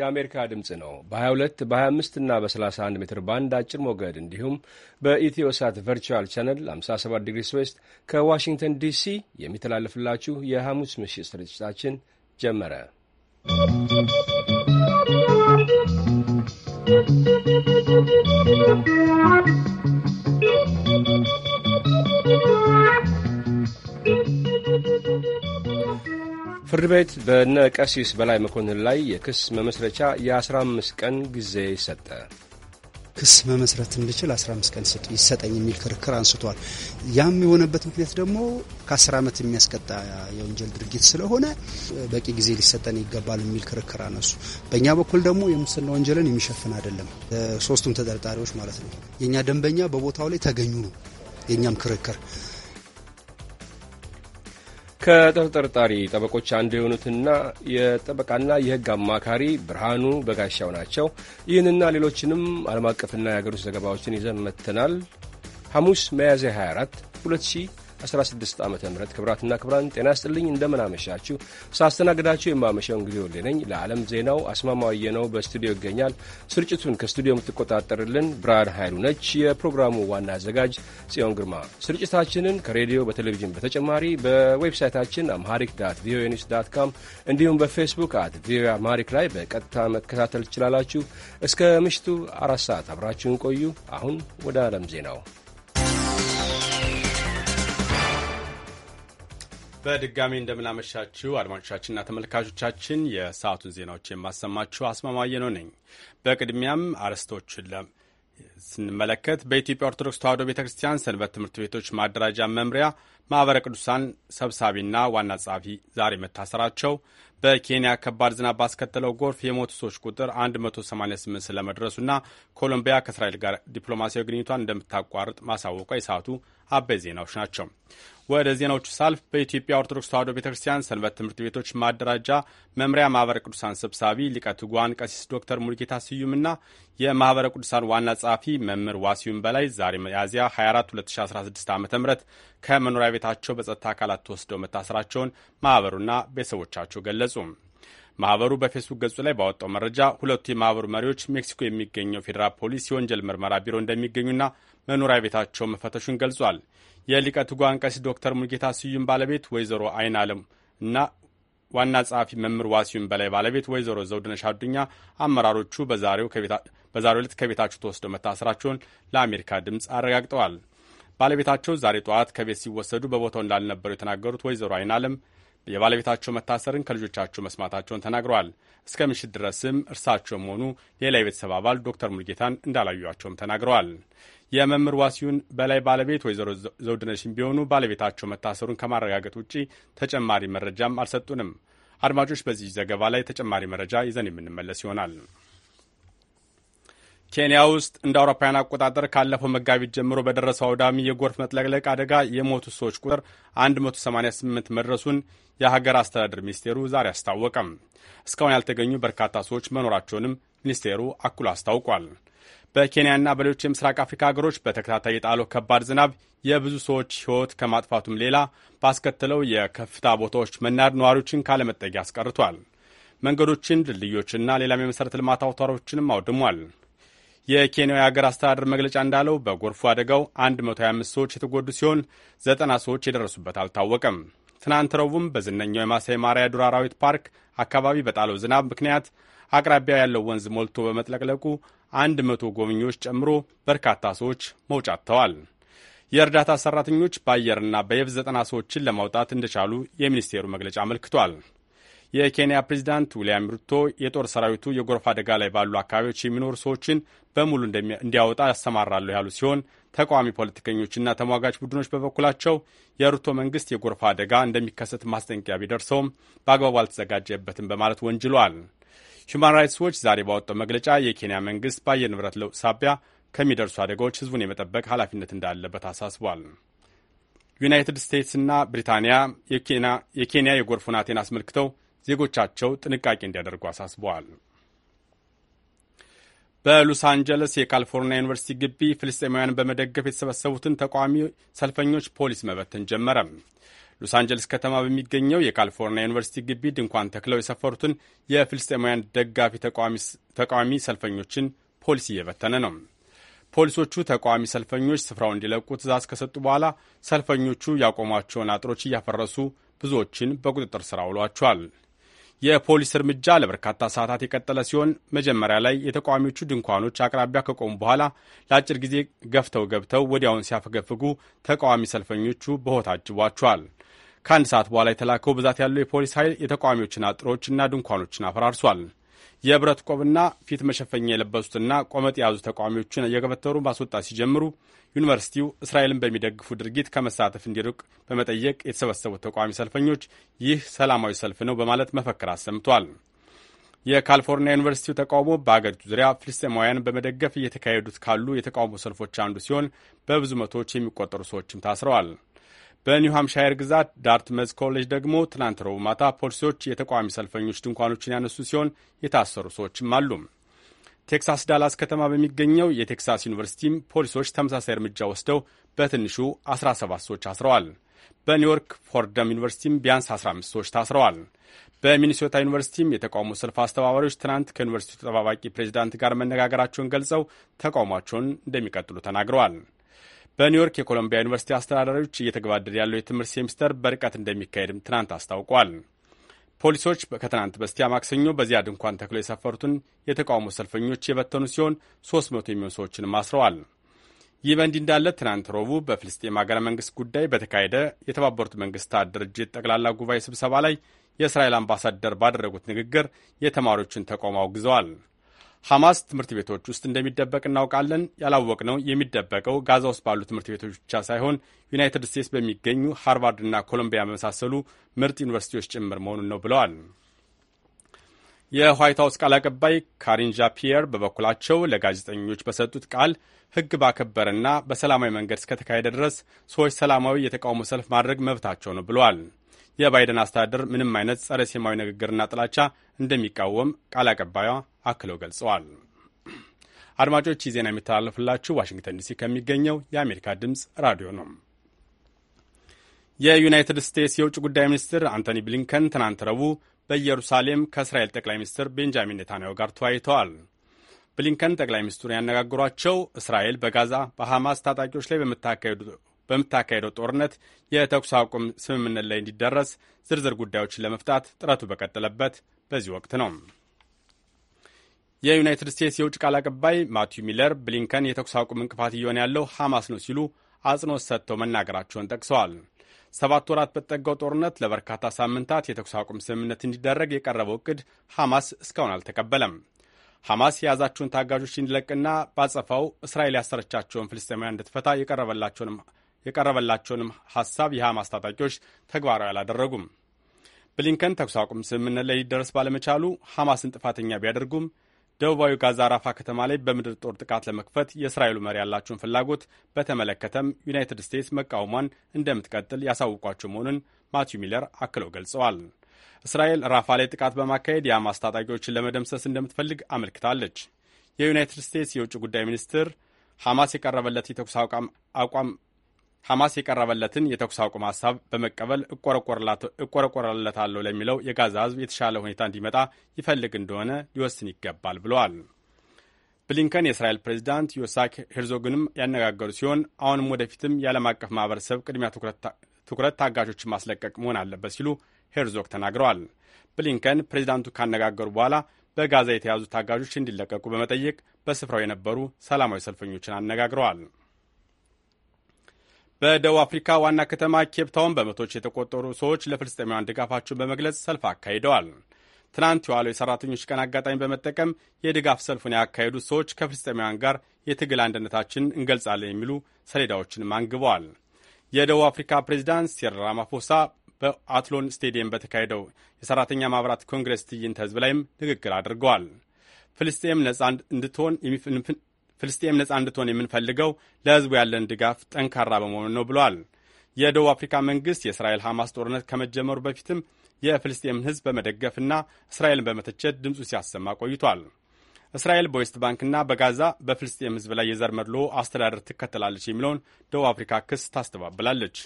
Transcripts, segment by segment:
የአሜሪካ ድምፅ ነው። በ22 በ25 እና በ31 ሜትር ባንድ አጭር ሞገድ እንዲሁም በኢትዮሳት ቨርቹዋል ቻነል 57 ዲግሪ ስዌስት ከዋሽንግተን ዲሲ የሚተላለፍላችሁ የሐሙስ ምሽት ስርጭታችን ጀመረ። ¶¶ ፍርድ ቤት በነ ቀሲስ በላይ መኮንን ላይ የክስ መመስረቻ የ15 ቀን ጊዜ ሰጠ። ክስ መመስረት እንድችል 15 ቀን ይሰጠኝ የሚል ክርክር አንስቷል። ያም የሆነበት ምክንያት ደግሞ ከ10 ዓመት የሚያስቀጣ የወንጀል ድርጊት ስለሆነ በቂ ጊዜ ሊሰጠን ይገባል የሚል ክርክር አነሱ። በእኛ በኩል ደግሞ የሙስና ወንጀልን የሚሸፍን አይደለም፣ ሶስቱም ተጠርጣሪዎች ማለት ነው። የእኛ ደንበኛ በቦታው ላይ ተገኙ ነው የእኛም ክርክር ከተጠርጣሪ ጠበቆች አንዱ የሆኑትና የጠበቃና የሕግ አማካሪ ብርሃኑ በጋሻው ናቸው። ይህንና ሌሎችንም ዓለም አቀፍና የአገር ውስጥ ዘገባዎችን ይዘን መጥተናል። ሐሙስ ሚያዝያ 24 2000 16 ዓ ም ክብራትና ክብራን ጤና ስጥልኝ። እንደምናመሻችሁ ሳስተናግዳችሁ የማመሻው እንግዲህ ወሌ ነኝ። ለዓለም ዜናው አስማማየ ነው በስቱዲዮ ይገኛል። ስርጭቱን ከስቱዲዮ የምትቆጣጠርልን ብርሃን ኃይሉ ነች። የፕሮግራሙ ዋና አዘጋጅ ጽዮን ግርማ። ስርጭታችንን ከሬዲዮ በቴሌቪዥን በተጨማሪ በዌብሳይታችን አምሃሪክ ዳት ቪኦኤ ኒውስ ዳት ካም እንዲሁም በፌስቡክ አት ቪኦኤ አምሃሪክ ላይ በቀጥታ መከታተል ትችላላችሁ። እስከ ምሽቱ አራት ሰዓት አብራችሁን ቆዩ። አሁን ወደ ዓለም ዜናው በድጋሚ እንደምናመሻችው አድማጮቻችንና ተመልካቾቻችን የሰዓቱን ዜናዎች የማሰማችሁ አስማማየ ነው ነኝ። በቅድሚያም አርዕስቶችን ስንመለከት በኢትዮጵያ ኦርቶዶክስ ተዋሕዶ ቤተ ክርስቲያን ሰንበት ትምህርት ቤቶች ማደራጃ መምሪያ ማኅበረ ቅዱሳን ሰብሳቢና ዋና ጸሐፊ ዛሬ መታሰራቸው፣ በኬንያ ከባድ ዝናብ ባስከተለው ጎርፍ የሞቱ ሰዎች ቁጥር 188 ስለመድረሱና ኮሎምቢያ ከእስራኤል ጋር ዲፕሎማሲያዊ ግንኙቷን እንደምታቋርጥ ማሳወቋ የሰዓቱ አበይ ዜናዎች ናቸው። ወደ ዜናዎቹ ሳልፍ በኢትዮጵያ ኦርቶዶክስ ተዋሕዶ ቤተ ክርስቲያን ሰንበት ትምህርት ቤቶች ማደራጃ መምሪያ ማኅበረ ቅዱሳን ሰብሳቢ ሊቀ ትጉሃን ቀሲስ ዶክተር ሙልጌታ ስዩምና የማኅበረ ቅዱሳን ዋና ጸሐፊ መምህር ዋሲዩም በላይ ዛሬ ሚያዝያ 24 2016 ዓ ም ከመኖሪያ ቤታቸው በጸጥታ አካላት ተወስደው መታሰራቸውን ማኅበሩና ቤተሰቦቻቸው ገለጹ። ማኅበሩ በፌስቡክ ገጹ ላይ ባወጣው መረጃ ሁለቱ የማኅበሩ መሪዎች ሜክሲኮ የሚገኘው ፌዴራል ፖሊስ የወንጀል ምርመራ ቢሮ እንደሚገኙና መኖሪያ ቤታቸው መፈተሹን ገልጿል። የሊቀ ጓን ቀሲስ ዶክተር ሙልጌታ ስዩም ባለቤት ወይዘሮ አይን አለም እና ዋና ጸሐፊ መምህር ዋሲዩም በላይ ባለቤት ወይዘሮ ዘውድነሽ አዱኛ አመራሮቹ በዛሬው ዕለት ከቤታቸው ተወስደው መታሰራቸውን ለአሜሪካ ድምፅ አረጋግጠዋል። ባለቤታቸው ዛሬ ጠዋት ከቤት ሲወሰዱ በቦታው እንዳልነበሩ የተናገሩት ወይዘሮ አይን አለም የባለቤታቸው መታሰርን ከልጆቻቸው መስማታቸውን ተናግረዋል። እስከ ምሽት ድረስም እርሳቸውም ሆኑ ሌላ የቤተሰብ አባል ዶክተር ሙልጌታን እንዳላዩቸውም ተናግረዋል። የመምህር ዋሲሁን በላይ ባለቤት ወይዘሮ ዘውድነሽን ቢሆኑ ባለቤታቸው መታሰሩን ከማረጋገጥ ውጪ ተጨማሪ መረጃም አልሰጡንም። አድማጮች፣ በዚህ ዘገባ ላይ ተጨማሪ መረጃ ይዘን የምንመለስ ይሆናል። ኬንያ ውስጥ እንደ አውሮፓውያን አቆጣጠር ካለፈው መጋቢት ጀምሮ በደረሰው አውዳሚ የጎርፍ መጥለቅለቅ አደጋ የሞቱ ሰዎች ቁጥር 188 መድረሱን የሀገር አስተዳደር ሚኒስቴሩ ዛሬ አስታወቀም። እስካሁን ያልተገኙ በርካታ ሰዎች መኖራቸውንም ሚኒስቴሩ አክሎ አስታውቋል። በኬንያና በሌሎች የምስራቅ አፍሪካ ሀገሮች በተከታታይ የጣለው ከባድ ዝናብ የብዙ ሰዎች ሕይወት ከማጥፋቱም ሌላ ባስከተለው የከፍታ ቦታዎች መናድ ነዋሪዎችን ካለመጠጊያ አስቀርቷል። መንገዶችን፣ ድልድዮችና ሌላም የመሠረተ ልማት አውታሮችንም አውድሟል። የኬንያ የአገር አስተዳደር መግለጫ እንዳለው በጎርፉ አደጋው 125 ሰዎች የተጎዱ ሲሆን 90 ሰዎች የደረሱበት አልታወቀም። ትናንት ረቡዕም በዝነኛው የማሳይ ማራ የዱር አራዊት ፓርክ አካባቢ በጣለው ዝናብ ምክንያት አቅራቢያ ያለው ወንዝ ሞልቶ በመጥለቅለቁ 100 ጎብኚዎች ጨምሮ በርካታ ሰዎች መውጫ አጥተዋል። የእርዳታ ሠራተኞች በአየርና በየብስ 90 ሰዎችን ለማውጣት እንደቻሉ የሚኒስቴሩ መግለጫ አመልክቷል። የኬንያ ፕሬዚዳንት ዊልያም ሩቶ የጦር ሰራዊቱ የጎርፍ አደጋ ላይ ባሉ አካባቢዎች የሚኖሩ ሰዎችን በሙሉ እንዲያወጣ ያሰማራሉ ያሉ ሲሆን ተቃዋሚ ፖለቲከኞችና ተሟጋች ቡድኖች በበኩላቸው የሩቶ መንግስት የጎርፍ አደጋ እንደሚከሰት ማስጠንቀቂያ ቢደርሰውም በአግባቡ አልተዘጋጀበትም በማለት ወንጅሏል። ሂዩማን ራይትስ ዎች ዛሬ ባወጣው መግለጫ የኬንያ መንግስት በአየር ንብረት ለውጥ ሳቢያ ከሚደርሱ አደጋዎች ህዝቡን የመጠበቅ ኃላፊነት እንዳለበት አሳስቧል። ዩናይትድ ስቴትስና ብሪታንያ የኬንያ የጎርፍ ሁናቴን አስመልክተው ዜጎቻቸው ጥንቃቄ እንዲያደርጉ አሳስበዋል። በሎስ አንጀለስ የካሊፎርኒያ ዩኒቨርሲቲ ግቢ ፍልስጤማውያን በመደገፍ የተሰበሰቡትን ተቃዋሚ ሰልፈኞች ፖሊስ መበተን ጀመረ። ሎስ አንጀለስ ከተማ በሚገኘው የካሊፎርኒያ ዩኒቨርሲቲ ግቢ ድንኳን ተክለው የሰፈሩትን የፍልስጤማውያን ደጋፊ ተቃዋሚ ሰልፈኞችን ፖሊስ እየበተነ ነው። ፖሊሶቹ ተቃዋሚ ሰልፈኞች ስፍራው እንዲለቁ ትዕዛዝ ከሰጡ በኋላ ሰልፈኞቹ ያቆሟቸውን አጥሮች እያፈረሱ ብዙዎችን በቁጥጥር ስር አውሏቸዋል። የፖሊስ እርምጃ ለበርካታ ሰዓታት የቀጠለ ሲሆን መጀመሪያ ላይ የተቃዋሚዎቹ ድንኳኖች አቅራቢያ ከቆሙ በኋላ ለአጭር ጊዜ ገፍተው ገብተው ወዲያውን ሲያፈገፍጉ ተቃዋሚ ሰልፈኞቹ በሆታ አጅቧቸዋል። ከአንድ ሰዓት በኋላ የተላከው ብዛት ያለው የፖሊስ ኃይል የተቃዋሚዎችን እና ድንኳኖችን አፈራርሷል። የብረት ቆብና ፊት መሸፈኛ የለበሱትና ቆመጥ የያዙ ተቃዋሚዎችን እየገፈተሩ ማስወጣት ሲጀምሩ ዩኒቨርሲቲው እስራኤልን በሚደግፉ ድርጊት ከመሳተፍ እንዲርቅ በመጠየቅ የተሰበሰቡት ተቃዋሚ ሰልፈኞች ይህ ሰላማዊ ሰልፍ ነው በማለት መፈክር አሰምቷል። የካሊፎርኒያ ዩኒቨርሲቲው ተቃውሞ በአገሪቱ ዙሪያ ፍልስጤማውያን በመደገፍ እየተካሄዱት ካሉ የተቃውሞ ሰልፎች አንዱ ሲሆን በብዙ መቶዎች የሚቆጠሩ ሰዎችም ታስረዋል። በኒው ሃምሻየር ግዛት ዳርትመዝ ኮሌጅ ደግሞ ትናንት ረቡዕ ማታ ፖሊሲዎች የተቃዋሚ ሰልፈኞች ድንኳኖችን ያነሱ ሲሆን የታሰሩ ሰዎችም አሉ። ቴክሳስ ዳላስ ከተማ በሚገኘው የቴክሳስ ዩኒቨርሲቲም ፖሊሶች ተመሳሳይ እርምጃ ወስደው በትንሹ 17 ሰዎች አስረዋል። በኒውዮርክ ፎርደም ዩኒቨርሲቲም ቢያንስ 15 ሰዎች ታስረዋል። በሚኒሶታ ዩኒቨርሲቲም የተቃውሞ ሰልፍ አስተባባሪዎች ትናንት ከዩኒቨርሲቲው ተጠባባቂ ፕሬዚዳንት ጋር መነጋገራቸውን ገልጸው ተቃውሟቸውን እንደሚቀጥሉ ተናግረዋል። በኒውዮርክ የኮሎምቢያ ዩኒቨርሲቲ አስተዳዳሪዎች እየተገባደደ ያለው የትምህርት ሴሚስተር በርቀት እንደሚካሄድም ትናንት አስታውቋል። ፖሊሶች ከትናንት በስቲያ ማክሰኞ በዚያ ድንኳን ተክሎ የሰፈሩትን የተቃውሞ ሰልፈኞች የበተኑ ሲሆን 300 የሚሆኑ ሰዎችንም አስረዋል። ይህ በእንዲህ እንዳለ ትናንት ረቡዕ በፍልስጤም ሀገረ መንግስት ጉዳይ በተካሄደ የተባበሩት መንግስታት ድርጅት ጠቅላላ ጉባኤ ስብሰባ ላይ የእስራኤል አምባሳደር ባደረጉት ንግግር የተማሪዎችን ተቃውሞ አውግዘዋል። ሐማስ ትምህርት ቤቶች ውስጥ እንደሚደበቅ እናውቃለን። ያላወቅነው የሚደበቀው ጋዛ ውስጥ ባሉ ትምህርት ቤቶች ብቻ ሳይሆን ዩናይትድ ስቴትስ በሚገኙ ሃርቫርድና ኮሎምቢያ በመሳሰሉ ምርጥ ዩኒቨርሲቲዎች ጭምር መሆኑን ነው ብለዋል። የዋይት ሀውስ ቃል አቀባይ ካሪን ዣን ፒየር በበኩላቸው ለጋዜጠኞች በሰጡት ቃል ሕግ ባከበረና በሰላማዊ መንገድ እስከተካሄደ ድረስ ሰዎች ሰላማዊ የተቃውሞ ሰልፍ ማድረግ መብታቸው ነው ብለዋል። የባይደን አስተዳደር ምንም አይነት ጸረ ሴማዊ ንግግርና ጥላቻ እንደሚቃወም ቃል አቀባዩዋ አክለው ገልጸዋል። አድማጮች ይህ ዜና የሚተላለፍላችሁ ዋሽንግተን ዲሲ ከሚገኘው የአሜሪካ ድምፅ ራዲዮ ነው። የዩናይትድ ስቴትስ የውጭ ጉዳይ ሚኒስትር አንቶኒ ብሊንከን ትናንት ረቡዕ በኢየሩሳሌም ከእስራኤል ጠቅላይ ሚኒስትር ቤንጃሚን ኔታንያሁ ጋር ተወያይተዋል። ብሊንከን ጠቅላይ ሚኒስትሩን ያነጋግሯቸው እስራኤል በጋዛ በሐማስ ታጣቂዎች ላይ በምታካሄዱ በምታካሄደው ጦርነት የተኩስ አቁም ስምምነት ላይ እንዲደረስ ዝርዝር ጉዳዮችን ለመፍታት ጥረቱ በቀጠለበት በዚህ ወቅት ነው። የዩናይትድ ስቴትስ የውጭ ቃል አቀባይ ማቲዩ ሚለር ብሊንከን የተኩስ አቁም እንቅፋት እየሆነ ያለው ሐማስ ነው ሲሉ አጽንኦት ሰጥተው መናገራቸውን ጠቅሰዋል። ሰባት ወራት በጠጋው ጦርነት ለበርካታ ሳምንታት የተኩስ አቁም ስምምነት እንዲደረግ የቀረበው እቅድ ሐማስ እስካሁን አልተቀበለም። ሐማስ የያዛቸውን ታጋዦች እንዲለቅና ባጸፋው እስራኤል ያሰረቻቸውን ፍልስጤማውያን እንድትፈታ የቀረበላቸውንም የቀረበላቸውንም ሐሳብ የሐማስ ታጣቂዎች ተግባራዊ አላደረጉም። ብሊንከን ተኩስ አቁም ስምምነት ላይ ሊደረስ ባለመቻሉ ሐማስን ጥፋተኛ ቢያደርጉም ደቡባዊ ጋዛ ራፋ ከተማ ላይ በምድር ጦር ጥቃት ለመክፈት የእስራኤሉ መሪ ያላቸውን ፍላጎት በተመለከተም ዩናይትድ ስቴትስ መቃወሟን እንደምትቀጥል ያሳውቋቸው መሆኑን ማቲው ሚለር አክለው ገልጸዋል። እስራኤል ራፋ ላይ ጥቃት በማካሄድ የሐማስ ታጣቂዎችን ለመደምሰስ እንደምትፈልግ አመልክታለች። የዩናይትድ ስቴትስ የውጭ ጉዳይ ሚኒስትር ሐማስ የቀረበለት የተኩስ አቋም ሐማስ የቀረበለትን የተኩስ አቁም ሀሳብ በመቀበል እቆረቆረለታለሁ ለሚለው የጋዛ ህዝብ የተሻለ ሁኔታ እንዲመጣ ይፈልግ እንደሆነ ሊወስን ይገባል ብለዋል። ብሊንከን የእስራኤል ፕሬዚዳንት ዮሳክ ሄርዞግንም ያነጋገሩ ሲሆን አሁንም ወደፊትም የዓለም አቀፍ ማህበረሰብ ቅድሚያ ትኩረት ታጋቾችን ማስለቀቅ መሆን አለበት ሲሉ ሄርዞግ ተናግረዋል። ብሊንከን ፕሬዚዳንቱ ካነጋገሩ በኋላ በጋዛ የተያዙ ታጋቾች እንዲለቀቁ በመጠየቅ በስፍራው የነበሩ ሰላማዊ ሰልፈኞችን አነጋግረዋል። በደቡብ አፍሪካ ዋና ከተማ ኬፕታውን በመቶች የተቆጠሩ ሰዎች ለፍልስጤማውያን ድጋፋቸውን በመግለጽ ሰልፍ አካሂደዋል። ትናንት የዋለው የሰራተኞች ቀን አጋጣሚ በመጠቀም የድጋፍ ሰልፉን ያካሄዱት ሰዎች ከፍልስጤማውያን ጋር የትግል አንድነታችን እንገልጻለን የሚሉ ሰሌዳዎችንም አንግበዋል። የደቡብ አፍሪካ ፕሬዚዳንት ሲሪል ራማፎሳ በአትሎን ስቴዲየም በተካሄደው የሰራተኛ ማብራት ኮንግረስ ትዕይንተ ህዝብ ላይም ንግግር አድርገዋል። ፍልስጤም ነጻ እንድትሆን ፍልስጤም ነጻ እንድትሆን የምንፈልገው ለህዝቡ ያለን ድጋፍ ጠንካራ በመሆኑ ነው ብለዋል። የደቡብ አፍሪካ መንግስት የእስራኤል ሐማስ ጦርነት ከመጀመሩ በፊትም የፍልስጤምን ሕዝብ በመደገፍና እስራኤልን በመተቸት ድምፁ ሲያሰማ ቆይቷል። እስራኤል በዌስት ባንክና በጋዛ በፍልስጤም ሕዝብ ላይ የዘር መድሎ አስተዳደር ትከተላለች የሚለውን ደቡብ አፍሪካ ክስ ታስተባብላለች።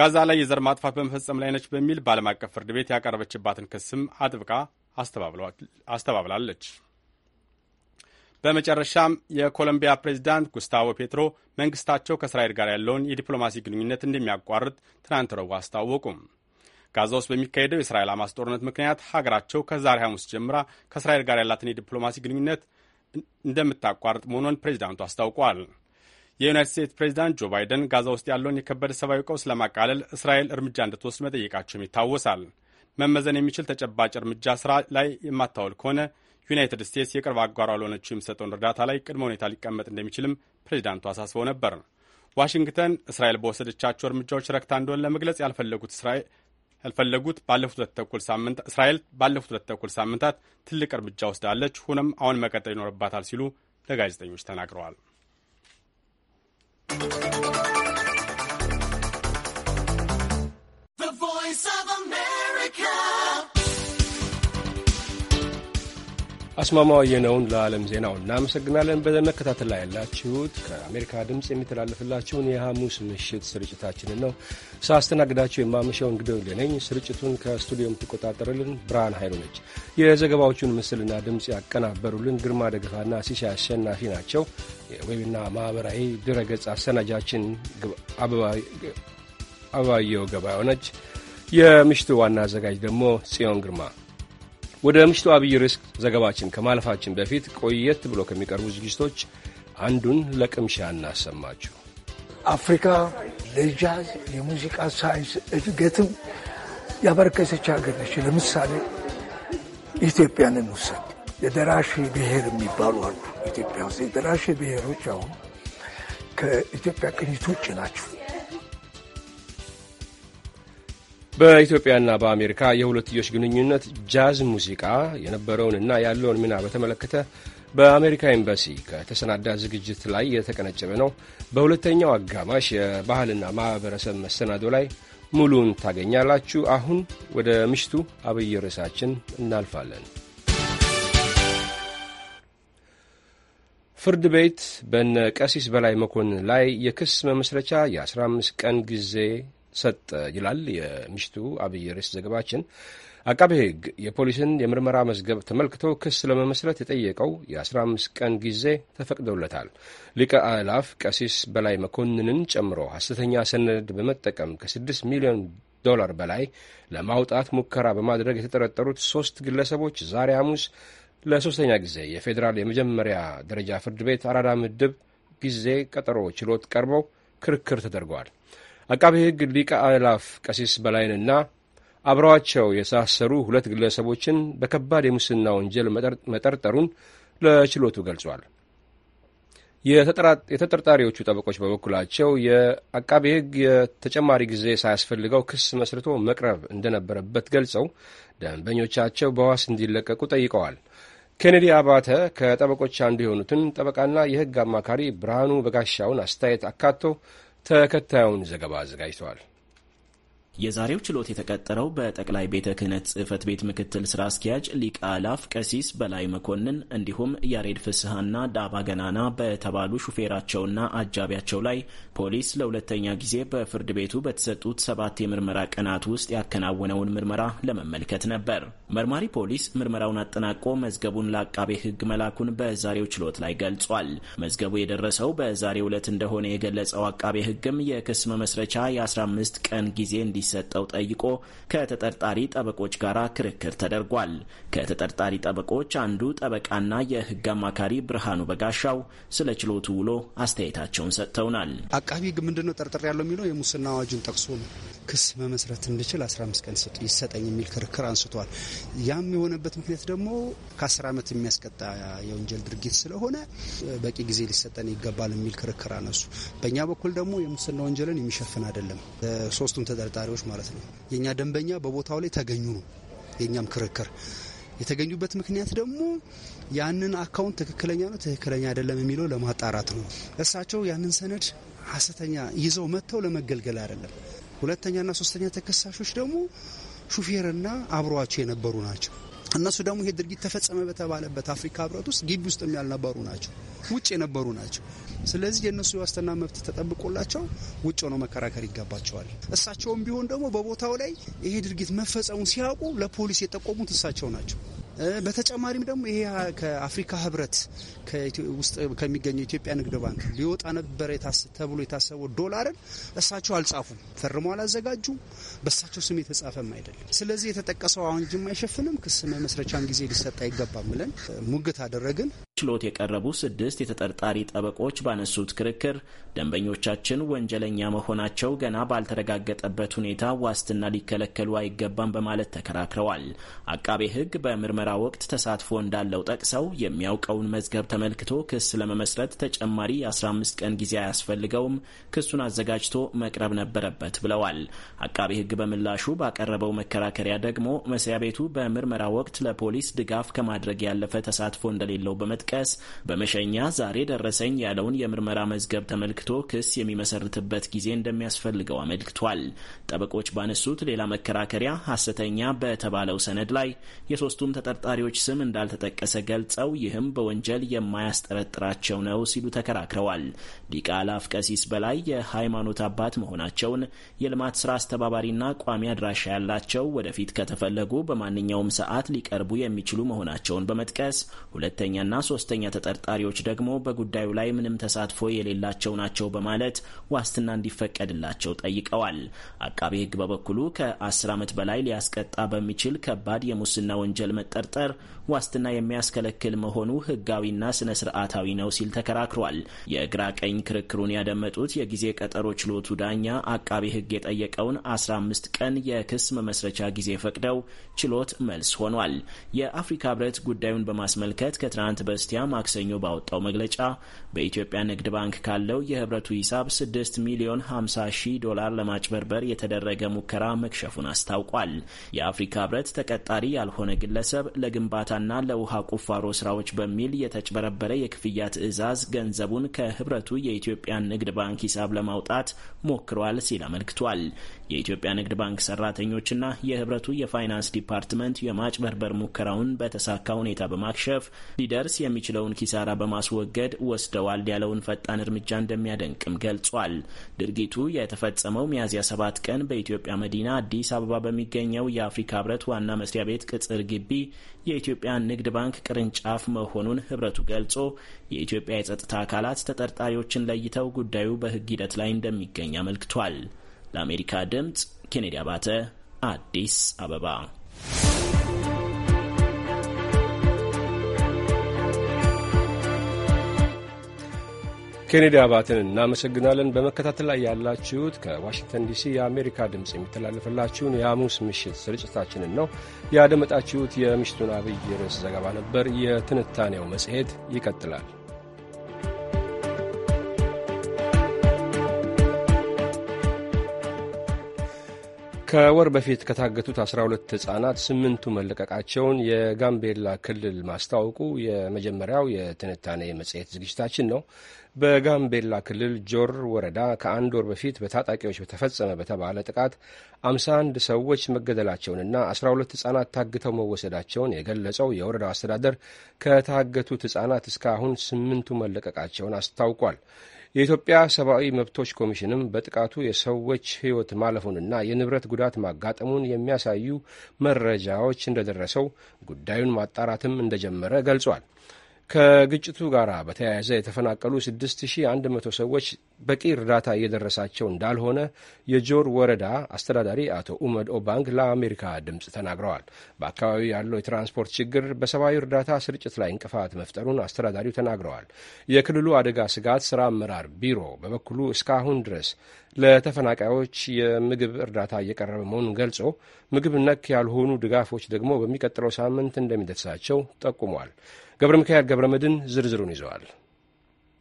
ጋዛ ላይ የዘር ማጥፋት በመፈጸም ላይ ነች በሚል በዓለም አቀፍ ፍርድ ቤት ያቀረበችባትን ክስም አጥብቃ አስተባብላለች። በመጨረሻም የኮሎምቢያ ፕሬዚዳንት ጉስታቮ ፔትሮ መንግስታቸው ከእስራኤል ጋር ያለውን የዲፕሎማሲ ግንኙነት እንደሚያቋርጥ ትናንት ረቡዕ አስታወቁም። ጋዛ ውስጥ በሚካሄደው የእስራኤል አማስ ጦርነት ምክንያት ሀገራቸው ከዛሬ ሐሙስ ጀምራ ከእስራኤል ጋር ያላትን የዲፕሎማሲ ግንኙነት እንደምታቋርጥ መሆኑን ፕሬዚዳንቱ አስታውቋል። የዩናይትድ ስቴትስ ፕሬዚዳንት ጆ ባይደን ጋዛ ውስጥ ያለውን የከበደ ሰብአዊ ቀውስ ለማቃለል እስራኤል እርምጃ እንድትወስድ መጠየቃቸውም ይታወሳል። መመዘን የሚችል ተጨባጭ እርምጃ ስራ ላይ የማታወል ከሆነ ዩናይትድ ስቴትስ የቅርብ አጋሯ ለሆነችው የሚሰጠውን እርዳታ ላይ ቅድመ ሁኔታ ሊቀመጥ እንደሚችልም ፕሬዚዳንቱ አሳስበው ነበር። ዋሽንግተን እስራኤል በወሰደቻቸው እርምጃዎች ረክታ እንደሆነ ለመግለጽ ያልፈለጉት ያልፈለጉት ባለፉት ሁለት ተኩል ሳምንት እስራኤል ባለፉት ሁለት ተኩል ሳምንታት ትልቅ እርምጃ ወስዳለች፣ ሆኖም አሁን መቀጠል ይኖርባታል ሲሉ ለጋዜጠኞች ተናግረዋል። አስማማው የነውን ለዓለም ዜናው እናመሰግናለን። በመከታተል ላይ ያላችሁት ከአሜሪካ ድምፅ የሚተላለፍላችሁን የሐሙስ ምሽት ስርጭታችንን ነው። ሳስተናግዳችሁ የማመሻው እንግዲህ ልነኝ። ስርጭቱን ከስቱዲዮ የምትቆጣጠርልን ብርሃን ኃይሉ ነች። የዘገባዎቹን ምስልና ድምፅ ያቀናበሩልን ግርማ ደገፋና ሲሻ አሸናፊ ናቸው። የዌብና ማኅበራዊ ድረገጽ አሰናጃችን አበባየው ገባዮ ነች። የምሽቱ ዋና አዘጋጅ ደግሞ ጽዮን ግርማ ወደ ምሽቱ አብይ ርዕስ ዘገባችን ከማለፋችን በፊት ቆየት ብሎ ከሚቀርቡ ዝግጅቶች አንዱን ለቅምሻ እናሰማችሁ። አፍሪካ ለጃዝ የሙዚቃ ሳይንስ እድገትም ያበረከተች ሀገር ነች። ለምሳሌ ኢትዮጵያን እንውሰድ። የደራሽ ብሔር የሚባሉ አሉ። ኢትዮጵያ ውስጥ የደራሽ ብሔሮች አሁን ከኢትዮጵያ ቅኝት ውጭ ናቸው። በኢትዮጵያና በአሜሪካ የሁለትዮሽ ግንኙነት ጃዝ ሙዚቃ የነበረውንና ያለውን ሚና በተመለከተ በአሜሪካ ኤምባሲ ከተሰናዳ ዝግጅት ላይ የተቀነጨበ ነው። በሁለተኛው አጋማሽ የባህልና ማኅበረሰብ መሰናዶ ላይ ሙሉን ታገኛላችሁ። አሁን ወደ ምሽቱ አብይ ርዕሳችን እናልፋለን። ፍርድ ቤት በነ ቀሲስ በላይ መኮንን ላይ የክስ መመስረቻ የ15 ቀን ጊዜ ሰጠ ይላል የምሽቱ አብይ ርዕስ ዘገባችን። አቃቤ ሕግ የፖሊስን የምርመራ መዝገብ ተመልክቶ ክስ ለመመስረት የጠየቀው የ15 ቀን ጊዜ ተፈቅዶለታል። ሊቀ አእላፍ ቀሲስ በላይ መኮንንን ጨምሮ ሐሰተኛ ሰነድ በመጠቀም ከ6 ሚሊዮን ዶላር በላይ ለማውጣት ሙከራ በማድረግ የተጠረጠሩት ሶስት ግለሰቦች ዛሬ ሐሙስ ለሦስተኛ ጊዜ የፌዴራል የመጀመሪያ ደረጃ ፍርድ ቤት አራዳ ምድብ ጊዜ ቀጠሮ ችሎት ቀርበው ክርክር ተደርገዋል። አቃቤ ሕግ ሊቀ አላፍ ቀሲስ በላይንና አብረዋቸው የሳሰሩ ሁለት ግለሰቦችን በከባድ የሙስና ወንጀል መጠርጠሩን ለችሎቱ ገልጿል። የተጠርጣሪዎቹ ጠበቆች በበኩላቸው የአቃቤ ሕግ የተጨማሪ ጊዜ ሳያስፈልገው ክስ መስርቶ መቅረብ እንደነበረበት ገልጸው ደንበኞቻቸው በዋስ እንዲለቀቁ ጠይቀዋል። ኬኔዲ አባተ ከጠበቆች አንዱ የሆኑትን ጠበቃና የሕግ አማካሪ ብርሃኑ በጋሻውን አስተያየት አካቶ ተከታዩን ዘገባ አዘጋጅተዋል። የዛሬው ችሎት የተቀጠረው በጠቅላይ ቤተ ክህነት ጽህፈት ቤት ምክትል ስራ አስኪያጅ ሊቀ አላፍ ቀሲስ በላይ መኮንን እንዲሁም ያሬድ ፍስሐና ዳባ ገናና በተባሉ ሹፌራቸውና አጃቢያቸው ላይ ፖሊስ ለሁለተኛ ጊዜ በፍርድ ቤቱ በተሰጡት ሰባት የምርመራ ቀናት ውስጥ ያከናወነውን ምርመራ ለመመልከት ነበር። መርማሪ ፖሊስ ምርመራውን አጠናቆ መዝገቡን ለአቃቤ ሕግ መላኩን በዛሬው ችሎት ላይ ገልጿል። መዝገቡ የደረሰው በዛሬው ዕለት እንደሆነ የገለጸው አቃቤ ሕግም የክስ መመስረቻ የ15 ቀን ጊዜ እንዲሰጠው ጠይቆ ከተጠርጣሪ ጠበቆች ጋር ክርክር ተደርጓል። ከተጠርጣሪ ጠበቆች አንዱ ጠበቃና የሕግ አማካሪ ብርሃኑ በጋሻው ስለ ችሎቱ ውሎ አስተያየታቸውን ሰጥተውናል። አቃቢ ሕግ ምንድነው ጠርጥር ያለው የሚለው የሙስና አዋጁን ጠቅሶ ነው ክስ መመስረት እንድችል 15 ቀን ይሰጠኝ የሚል ክርክር አንስቷል። ያም የሆነበት ምክንያት ደግሞ ከአስር ዓመት የሚያስቀጣ የወንጀል ድርጊት ስለሆነ በቂ ጊዜ ሊሰጠን ይገባል የሚል ክርክር አነሱ። በእኛ በኩል ደግሞ የሙስና ወንጀልን የሚሸፍን አይደለም። ሶስቱም ተጠርጣሪዎች ማለት ነው። የእኛ ደንበኛ በቦታው ላይ ተገኙ ነው የእኛም ክርክር የተገኙበት ምክንያት ደግሞ ያንን አካውንት ትክክለኛ ነው ትክክለኛ አይደለም የሚለው ለማጣራት ነው። እሳቸው ያንን ሰነድ ሀሰተኛ ይዘው መጥተው ለመገልገል አይደለም። ሁለተኛና ሶስተኛ ተከሳሾች ደግሞ ሹፌርና አብሯቸው የነበሩ ናቸው። እነሱ ደግሞ ይሄ ድርጊት ተፈጸመ በተባለበት አፍሪካ ህብረት ውስጥ ግቢ ውስጥም ያልነበሩ ናቸው፣ ውጭ የነበሩ ናቸው። ስለዚህ የእነሱ የዋስትና መብት ተጠብቆላቸው ውጭ ሆነው መከራከር ይገባቸዋል። እሳቸውም ቢሆን ደግሞ በቦታው ላይ ይሄ ድርጊት መፈጸሙ ሲያውቁ ለፖሊስ የጠቆሙት እሳቸው ናቸው። በተጨማሪም ደግሞ ይሄ ከአፍሪካ ህብረት ውስጥ ከሚገኘው ኢትዮጵያ ንግድ ባንክ ሊወጣ ነበር ተብሎ የታሰበው ዶላርን እሳቸው አልጻፉም፣ ፈርሞ አላዘጋጁም፣ በእሳቸው ስም የተጻፈም አይደለም። ስለዚህ የተጠቀሰው አሁን አይሸፍንም፣ ክስ መመስረቻን ጊዜ ሊሰጥ አይገባም ብለን ሙግት አደረግን። ችሎት የቀረቡ ስድስት የተጠርጣሪ ጠበቆች ባነሱት ክርክር ደንበኞቻችን ወንጀለኛ መሆናቸው ገና ባልተረጋገጠበት ሁኔታ ዋስትና ሊከለከሉ አይገባም በማለት ተከራክረዋል። አቃቤ ህግ በምርመራ በምርመራ ወቅት ተሳትፎ እንዳለው ጠቅሰው የሚያውቀውን መዝገብ ተመልክቶ ክስ ለመመስረት ተጨማሪ 15 ቀን ጊዜ አያስፈልገውም፣ ክሱን አዘጋጅቶ መቅረብ ነበረበት ብለዋል። አቃቢ ሕግ በምላሹ ባቀረበው መከራከሪያ ደግሞ መስሪያ ቤቱ በምርመራ ወቅት ለፖሊስ ድጋፍ ከማድረግ ያለፈ ተሳትፎ እንደሌለው በመጥቀስ በመሸኛ ዛሬ ደረሰኝ ያለውን የምርመራ መዝገብ ተመልክቶ ክስ የሚመሰርትበት ጊዜ እንደሚያስፈልገው አመልክቷል። ጠበቆች ባነሱት ሌላ መከራከሪያ ሐሰተኛ በተባለው ሰነድ ላይ የሶስቱም ተጠር ተጠርጣሪዎች ስም እንዳልተጠቀሰ ገልጸው ይህም በወንጀል የማያስጠረጥራቸው ነው ሲሉ ተከራክረዋል። ዲቃላ ቀሲስ በላይ የሃይማኖት አባት መሆናቸውን የልማት ስራ አስተባባሪና ቋሚ አድራሻ ያላቸው ወደፊት ከተፈለጉ በማንኛውም ሰዓት ሊቀርቡ የሚችሉ መሆናቸውን በመጥቀስ ሁለተኛና ሶስተኛ ተጠርጣሪዎች ደግሞ በጉዳዩ ላይ ምንም ተሳትፎ የሌላቸው ናቸው በማለት ዋስትና እንዲፈቀድላቸው ጠይቀዋል። አቃቤ ሕግ በበኩሉ ከአስር ዓመት በላይ ሊያስቀጣ በሚችል ከባድ የሙስና ወንጀል መጠ በመጠርጠር ዋስትና የሚያስከለክል መሆኑ ህጋዊና ስነ ስርዓታዊ ነው ሲል ተከራክሯል። የግራ ቀኝ ክርክሩን ያደመጡት የጊዜ ቀጠሮ ችሎቱ ዳኛ አቃቤ ህግ የጠየቀውን 15 ቀን የክስ መመስረቻ ጊዜ ፈቅደው ችሎት መልስ ሆኗል። የአፍሪካ ህብረት ጉዳዩን በማስመልከት ከትናንት በስቲያ ማክሰኞ ባወጣው መግለጫ በኢትዮጵያ ንግድ ባንክ ካለው የህብረቱ ሂሳብ 6 ሚሊዮን 50 ሺህ ዶላር ለማጭበርበር የተደረገ ሙከራ መክሸፉን አስታውቋል። የአፍሪካ ህብረት ተቀጣሪ ያልሆነ ግለሰብ ለግንባታ ለፋብሪካና ለውሃ ቁፋሮ ስራዎች በሚል የተጭበረበረ የክፍያ ትዕዛዝ ገንዘቡን ከህብረቱ የኢትዮጵያ ንግድ ባንክ ሂሳብ ለማውጣት ሞክሯል ሲል አመልክቷል። የኢትዮጵያ ንግድ ባንክ ሰራተኞችና የህብረቱ የፋይናንስ ዲፓርትመንት የማጭበርበር ሙከራውን በተሳካ ሁኔታ በማክሸፍ ሊደርስ የሚችለውን ኪሳራ በማስወገድ ወስደዋል ያለውን ፈጣን እርምጃ እንደሚያደንቅም ገልጿል። ድርጊቱ የተፈጸመው ሚያዝያ ሰባት ቀን በኢትዮጵያ መዲና አዲስ አበባ በሚገኘው የአፍሪካ ህብረት ዋና መስሪያ ቤት ቅጽር ግቢ የኢትዮጵያ ንግድ ባንክ ቅርንጫፍ መሆኑን ህብረቱ ገልጾ የኢትዮጵያ የጸጥታ አካላት ተጠርጣሪዎችን ለይተው ጉዳዩ በህግ ሂደት ላይ እንደሚገኝ አመልክቷል። ለአሜሪካ ድምጽ ኬኔዲ አባተ አዲስ አበባ ኬኔዲ አባትን እናመሰግናለን። በመከታተል ላይ ያላችሁት ከዋሽንግተን ዲሲ የአሜሪካ ድምፅ የሚተላለፍላችሁን የሐሙስ ምሽት ስርጭታችንን ነው ያደመጣችሁት። የምሽቱን አብይ ርዕስ ዘገባ ነበር። የትንታኔው መጽሔት ይቀጥላል። ከወር በፊት ከታገቱት 12 ሕፃናት ስምንቱ መለቀቃቸውን የጋምቤላ ክልል ማስታወቁ የመጀመሪያው የትንታኔ መጽሔት ዝግጅታችን ነው። በጋምቤላ ክልል ጆር ወረዳ ከአንድ ወር በፊት በታጣቂዎች በተፈጸመ በተባለ ጥቃት 51 ሰዎች መገደላቸውንና 12 ሕጻናት ታግተው መወሰዳቸውን የገለጸው የወረዳው አስተዳደር ከታገቱት ሕጻናት እስካሁን ስምንቱ መለቀቃቸውን አስታውቋል። የኢትዮጵያ ሰብአዊ መብቶች ኮሚሽንም በጥቃቱ የሰዎች ሕይወት ማለፉንና የንብረት ጉዳት ማጋጠሙን የሚያሳዩ መረጃዎች እንደደረሰው ጉዳዩን ማጣራትም እንደጀመረ ገልጿል። ከግጭቱ ጋር በተያያዘ የተፈናቀሉ 6100 ሰዎች በቂ እርዳታ እየደረሳቸው እንዳልሆነ የጆር ወረዳ አስተዳዳሪ አቶ ኡመድ ኦባንግ ለአሜሪካ ድምፅ ተናግረዋል። በአካባቢው ያለው የትራንስፖርት ችግር በሰብአዊ እርዳታ ስርጭት ላይ እንቅፋት መፍጠሩን አስተዳዳሪው ተናግረዋል። የክልሉ አደጋ ስጋት ስራ አመራር ቢሮ በበኩሉ እስካሁን ድረስ ለተፈናቃዮች የምግብ እርዳታ እየቀረበ መሆኑን ገልጾ ምግብ ነክ ያልሆኑ ድጋፎች ደግሞ በሚቀጥለው ሳምንት እንደሚደርሳቸው ጠቁሟል። ገብረ ሚካኤል ገብረ መድን ዝርዝሩን ይዘዋል።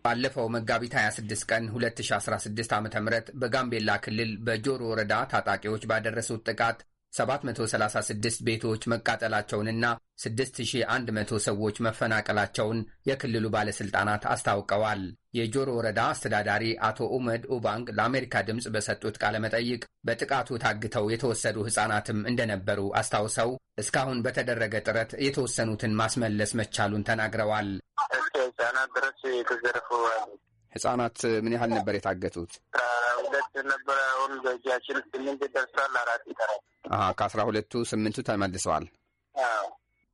ባለፈው መጋቢት 26 ቀን 2016 ዓ ም በጋምቤላ ክልል በጆሮ ወረዳ ታጣቂዎች ባደረሱት ጥቃት 736 ቤቶች መቃጠላቸውንና 6100 ሰዎች መፈናቀላቸውን የክልሉ ባለሥልጣናት አስታውቀዋል። የጆሮ ወረዳ አስተዳዳሪ አቶ ኡመድ ኡባንግ ለአሜሪካ ድምፅ በሰጡት ቃለ መጠይቅ በጥቃቱ ታግተው የተወሰዱ ሕፃናትም እንደነበሩ አስታውሰው እስካሁን በተደረገ ጥረት የተወሰኑትን ማስመለስ መቻሉን ተናግረዋል። እስከ ሕፃናት ድረስ ህጻናት ምን ያህል ነበር የታገቱት? ሁለት ነበረ። አሁን በእጃችን ስምንት ደርሷል። አራት ይቀራል። ከአስራ ሁለቱ ስምንቱ ተመልሰዋል።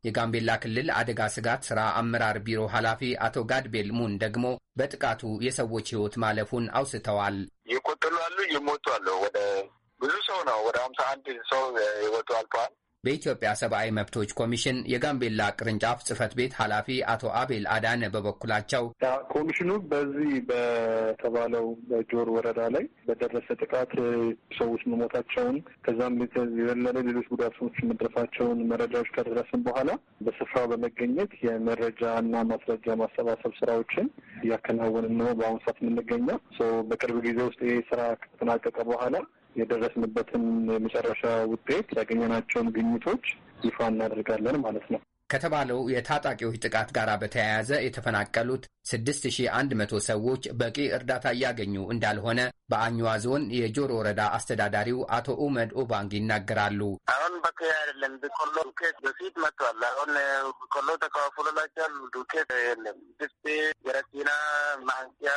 የጋምቤላ ክልል አደጋ ስጋት ስራ አመራር ቢሮ ኃላፊ አቶ ጋድቤል ሙን ደግሞ በጥቃቱ የሰዎች ህይወት ማለፉን አውስተዋል። የቆጠሉ አሉ፣ የሞቱ አሉ። ወደ ብዙ ሰው ነው። ወደ ሀምሳ አንድ ሰው ህይወቱ አልፈዋል። በኢትዮጵያ ሰብአዊ መብቶች ኮሚሽን የጋምቤላ ቅርንጫፍ ጽህፈት ቤት ኃላፊ አቶ አቤል አዳነ በበኩላቸው ኮሚሽኑ በዚህ በተባለው ጆር ወረዳ ላይ በደረሰ ጥቃት ሰዎች መሞታቸውን ከዛም የዘለለ ሌሎች ጉዳቶች መድረሳቸውን መረጃዎች ከደረስን በኋላ በስፍራው በመገኘት የመረጃ እና ማስረጃ ማሰባሰብ ስራዎችን እያከናወንን ነው በአሁኑ ሰዓት የምንገኘው። በቅርብ ጊዜ ውስጥ ይህ ስራ ከተጠናቀቀ በኋላ የደረስንበትን የመጨረሻ ውጤት ያገኘናቸውን ግኝቶች ይፋ እናደርጋለን ማለት ነው። ከተባለው የታጣቂዎች ጥቃት ጋር በተያያዘ የተፈናቀሉት 6100 ሰዎች በቂ እርዳታ እያገኙ እንዳልሆነ በአኝዋ ዞን የጆሮ ወረዳ አስተዳዳሪው አቶ ኡመድ ኦባንግ ይናገራሉ። አሁን በቂ አይደለም። ቢቆሎ ዱቄት በፊት መጥቷል። አሁን ቢቆሎ ተከፋፍሎላቸዋል። ዱቄት የለም። ድስቴ፣ የረሲና ማንኪያ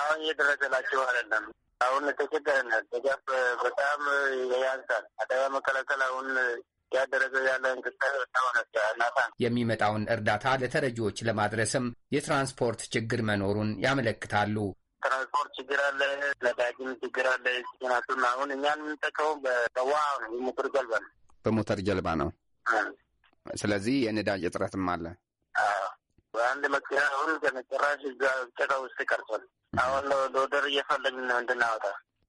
አሁን እየደረሰላቸው አይደለም። አሁን ተቸገረናል። ድጋፍ በጣም ያንሳል። አደጋ መከላከል አሁን ያደረገ ያለ እንቅስቃሴ በጣም የሚመጣውን እርዳታ ለተረጂዎች ለማድረስም የትራንስፖርት ችግር መኖሩን ያመለክታሉ። ትራንስፖርት ችግር አለ፣ ነዳጅም ችግር አለ። ምክንያቱም አሁን እኛን የምንጠቀሙ በውሃ ሞተር ጀልባ ነው፣ በሞተር ጀልባ ነው። ስለዚህ የነዳጅ እጥረትም አለ። አንድ መኪና አሁን ከመጨራሽ ጭቃ ውስጥ ቀርቷል። አሁን ለወደር እየፈለግን ነው እንድናወጣ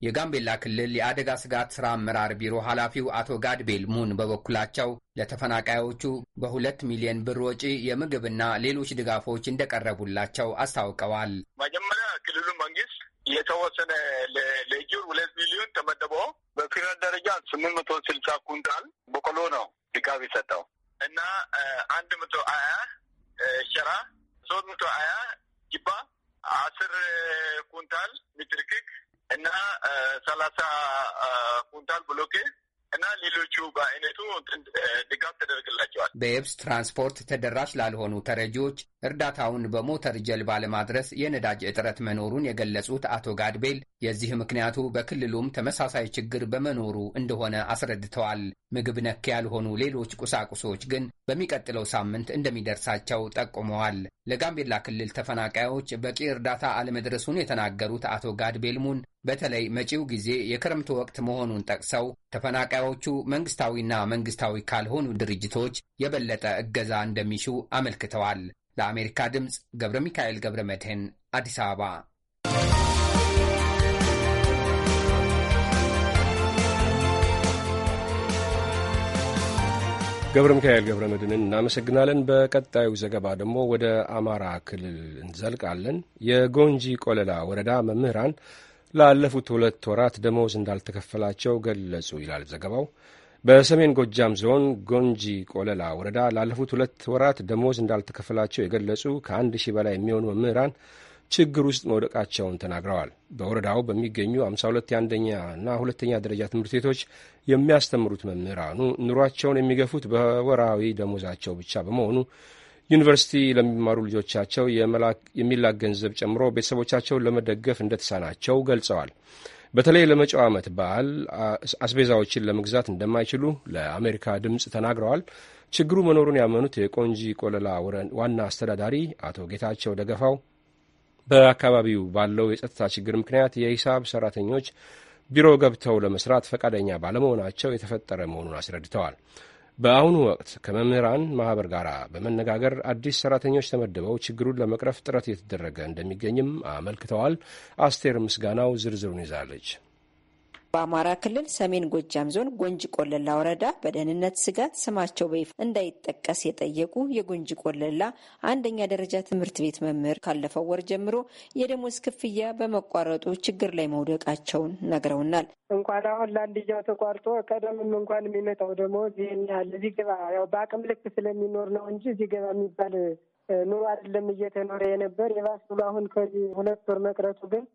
የጋምቤላ ክልል የአደጋ ስጋት ሥራ አመራር ቢሮ ኃላፊው አቶ ጋድቤል ሙን በበኩላቸው ለተፈናቃዮቹ በሁለት ሚሊዮን ብር ወጪ የምግብና ሌሎች ድጋፎች እንደቀረቡላቸው አስታውቀዋል። መጀመሪያ ክልሉ መንግስት የተወሰነ ለእጅር ሁለት ሚሊዮን ተመደበ። በክልል ደረጃ ስምንት መቶ ስልሳ ኩንታል በቆሎ ነው ድጋፍ የሰጠው እና አንድ መቶ ሀያ ሽራ ሶስት መቶ ሀያ ጅባ አስር ኩንታል ምጥርቅቅ እና ሰላሳ ኩንታል ብሎኬ እና ሌሎቹ በአይነቱ ድጋፍ ተደርግላቸዋል። በየብስ ትራንስፖርት ተደራሽ ላልሆኑ ተረጂዎች እርዳታውን በሞተር ጀልባ ለማድረስ የነዳጅ እጥረት መኖሩን የገለጹት አቶ ጋድቤል የዚህ ምክንያቱ በክልሉም ተመሳሳይ ችግር በመኖሩ እንደሆነ አስረድተዋል። ምግብ ነክ ያልሆኑ ሌሎች ቁሳቁሶች ግን በሚቀጥለው ሳምንት እንደሚደርሳቸው ጠቁመዋል። ለጋምቤላ ክልል ተፈናቃዮች በቂ እርዳታ አለመድረሱን የተናገሩት አቶ ጋድቤል ሙን በተለይ መጪው ጊዜ የክረምቱ ወቅት መሆኑን ጠቅሰው ተፈናቃዮቹ መንግስታዊና መንግስታዊ ካልሆኑ ድርጅቶች የበለጠ እገዛ እንደሚሹ አመልክተዋል። ለአሜሪካ ድምፅ ገብረ ሚካኤል ገብረ መድህን አዲስ አበባ። ገብረ ሚካኤል ገብረ መድህንን እናመሰግናለን። በቀጣዩ ዘገባ ደግሞ ወደ አማራ ክልል እንዘልቃለን። የጎንጂ ቆለላ ወረዳ መምህራን ላለፉት ሁለት ወራት ደመወዝ እንዳልተከፈላቸው ገለጹ ይላል ዘገባው። በሰሜን ጎጃም ዞን ጎንጂ ቆለላ ወረዳ ላለፉት ሁለት ወራት ደመወዝ እንዳልተከፈላቸው የገለጹ ከአንድ ሺህ በላይ የሚሆኑ መምህራን ችግር ውስጥ መውደቃቸውን ተናግረዋል። በወረዳው በሚገኙ 52 የአንደኛ እና ሁለተኛ ደረጃ ትምህርት ቤቶች የሚያስተምሩት መምህራኑ ኑሯቸውን የሚገፉት በወራዊ ደሞዛቸው ብቻ በመሆኑ ዩኒቨርሲቲ ለሚማሩ ልጆቻቸው የሚላክ ገንዘብ ጨምሮ ቤተሰቦቻቸውን ለመደገፍ እንደተሳናቸው ገልጸዋል። በተለይ ለመጪው ዓመት በዓል አስቤዛዎችን ለመግዛት እንደማይችሉ ለአሜሪካ ድምፅ ተናግረዋል። ችግሩ መኖሩን ያመኑት የቆንጂ ቆለላ ዋና አስተዳዳሪ አቶ ጌታቸው ደገፋው በአካባቢው ባለው የጸጥታ ችግር ምክንያት የሂሳብ ሰራተኞች ቢሮ ገብተው ለመስራት ፈቃደኛ ባለመሆናቸው የተፈጠረ መሆኑን አስረድተዋል። በአሁኑ ወቅት ከመምህራን ማኅበር ጋር በመነጋገር አዲስ ሠራተኞች ተመድበው ችግሩን ለመቅረፍ ጥረት እየተደረገ እንደሚገኝም አመልክተዋል። አስቴር ምስጋናው ዝርዝሩን ይዛለች። በአማራ ክልል ሰሜን ጎጃም ዞን ጎንጅ ቆለላ ወረዳ በደህንነት ስጋት ስማቸው በይፋ እንዳይጠቀስ የጠየቁ የጎንጅ ቆለላ አንደኛ ደረጃ ትምህርት ቤት መምህር ካለፈው ወር ጀምሮ የደሞዝ ክፍያ በመቋረጡ ችግር ላይ መውደቃቸውን ነግረውናል። እንኳን አሁን ለአንድያው ተቋርጦ ቀደምም እንኳን የሚመጣው ደሞዝ ይህን ያህል እዚህ ግባ ያው በአቅም ልክ ስለሚኖር ነው እንጂ እዚህ ገባ የሚባል ኑሮ አይደለም እየተኖረ የነበር የባስ ብሎ አሁን ከዚህ ሁለት ወር መቅረቱ ግን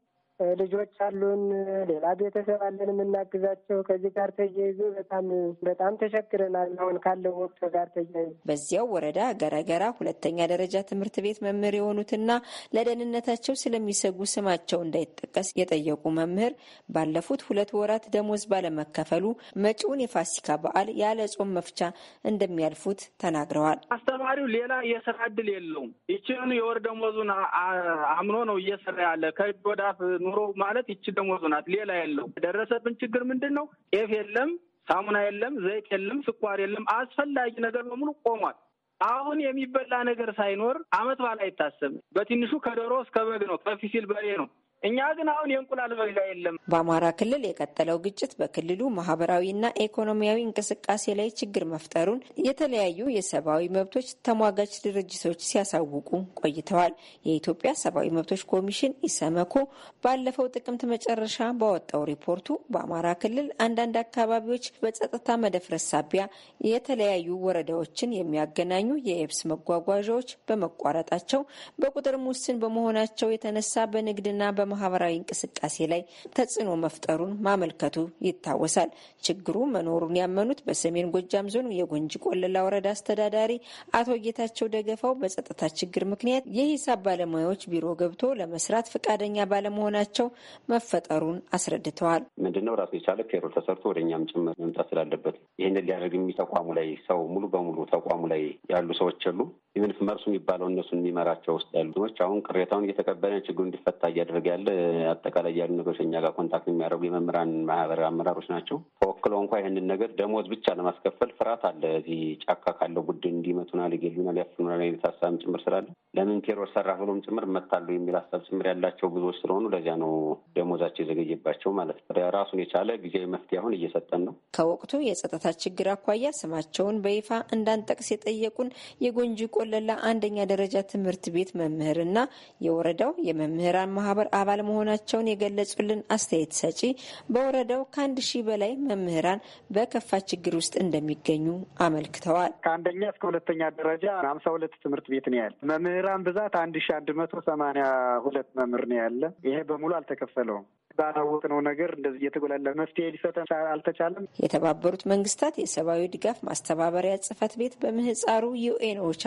ልጆች አሉን፣ ሌላ ቤተሰብ አለን የምናግዛቸው። ከዚህ ጋር ተያይዞ በጣም በጣም ተቸግረናል። አሁን ካለው ወቅት ጋር ተያይዞ በዚያው ወረዳ ገረገራ ሁለተኛ ደረጃ ትምህርት ቤት መምህር የሆኑትና ለደህንነታቸው ስለሚሰጉ ስማቸው እንዳይጠቀስ የጠየቁ መምህር ባለፉት ሁለት ወራት ደሞዝ ባለመከፈሉ መጪውን የፋሲካ በዓል ያለ ጾም መፍቻ እንደሚያልፉት ተናግረዋል። አስተማሪው ሌላ የስራ እድል የለውም። ይችን የወር ደሞዙን አምኖ ነው እየሰራ ያለ ከእጅ ኑሮ ማለት ይቺ ደሞዝ ናት። ሌላ የለው። የደረሰብን ችግር ምንድን ነው? ጤፍ የለም፣ ሳሙና የለም፣ ዘይት የለም፣ ስኳር የለም። አስፈላጊ ነገር በሙሉ ቆሟል። አሁን የሚበላ ነገር ሳይኖር አመት በዓል አይታሰብም። በትንሹ ከዶሮ እስከ በግ ነው፣ ከፍ ሲል በሬ ነው። እኛ ግን አሁን የእንቁላል መግዣ የለም። በአማራ ክልል የቀጠለው ግጭት በክልሉ ማህበራዊና ኢኮኖሚያዊ እንቅስቃሴ ላይ ችግር መፍጠሩን የተለያዩ የሰብአዊ መብቶች ተሟጋች ድርጅቶች ሲያሳውቁ ቆይተዋል። የኢትዮጵያ ሰብአዊ መብቶች ኮሚሽን ኢሰመኮ ባለፈው ጥቅምት መጨረሻ ባወጣው ሪፖርቱ በአማራ ክልል አንዳንድ አካባቢዎች በጸጥታ መደፍረስ ሳቢያ የተለያዩ ወረዳዎችን የሚያገናኙ የየብስ መጓጓዣዎች በመቋረጣቸው በቁጥር ውስን በመሆናቸው የተነሳ በንግድና በ ማህበራዊ እንቅስቃሴ ላይ ተጽዕኖ መፍጠሩን ማመልከቱ ይታወሳል። ችግሩ መኖሩን ያመኑት በሰሜን ጎጃም ዞን የጎንጂ ቆለላ ወረዳ አስተዳዳሪ አቶ ጌታቸው ደገፋው በጸጥታ ችግር ምክንያት የሂሳብ ባለሙያዎች ቢሮ ገብቶ ለመስራት ፈቃደኛ ባለመሆናቸው መፈጠሩን አስረድተዋል። ምንድነው ራሱ የቻለ ፔሮል ተሰርቶ ወደ እኛም ጭምር መምጣት ስላለበት ይህንን ሊያደርግ የሚ ተቋሙ ላይ ሰው ሙሉ በሙሉ ተቋሙ ላይ ያሉ ሰዎች አሉ። ኢቨን መርሱ የሚባለው እነሱን የሚመራቸው ውስጥ ያሉ ሰዎች አሁን ቅሬታውን እየተቀበለ ችግሩ እንዲፈታ እያደረገ ያለ አለ። አጠቃላይ ያሉ ነገሮች እኛ ጋር ኮንታክት የሚያደርጉ የመምህራን ማህበር አመራሮች ናቸው። ተወክለው እንኳ ይህንን ነገር ደሞዝ ብቻ ለማስከፈል ፍርሃት አለ። እዚህ ጫካ ካለው ቡድን እንዲመቱናል፣ ይገሉናል፣ ያፍኑናል አይነት ሀሳብም ጭምር ስላለ ለምን ቴሮር ሰራ ብሎም ጭምር መታሉ የሚል ሀሳብ ጭምር ያላቸው ብዙዎች ስለሆኑ ለዚያ ነው ደሞዛቸው የዘገየባቸው ማለት ነው። ራሱን የቻለ ጊዜያዊ መፍትሄ አሁን እየሰጠን ነው። ከወቅቱ የጸጥታ ችግር አኳያ ስማቸውን በይፋ እንዳንጠቅስ የጠየቁን የጎንጂ ቆለላ አንደኛ ደረጃ ትምህርት ቤት መምህርና የወረዳው የመምህራን ማህበር አባል አባል መሆናቸውን የገለጹልን አስተያየት ሰጪ በወረዳው ከአንድ ሺህ በላይ መምህራን በከፋ ችግር ውስጥ እንደሚገኙ አመልክተዋል። ከአንደኛ እስከ ሁለተኛ ደረጃ ሀምሳ ሁለት ትምህርት ቤት ነው ያለ። መምህራን ብዛት አንድ ሺህ አንድ መቶ ሰማንያ ሁለት መምህር ነው ያለ። ይሄ በሙሉ አልተከፈለውም። ባላወቅነው ነገር እንደዚህ እየተጎላላ መፍትሄ ሊሰጠን አልተቻለም። የተባበሩት መንግስታት የሰብአዊ ድጋፍ ማስተባበሪያ ጽህፈት ቤት በምህፃሩ ዩኤን ኦቻ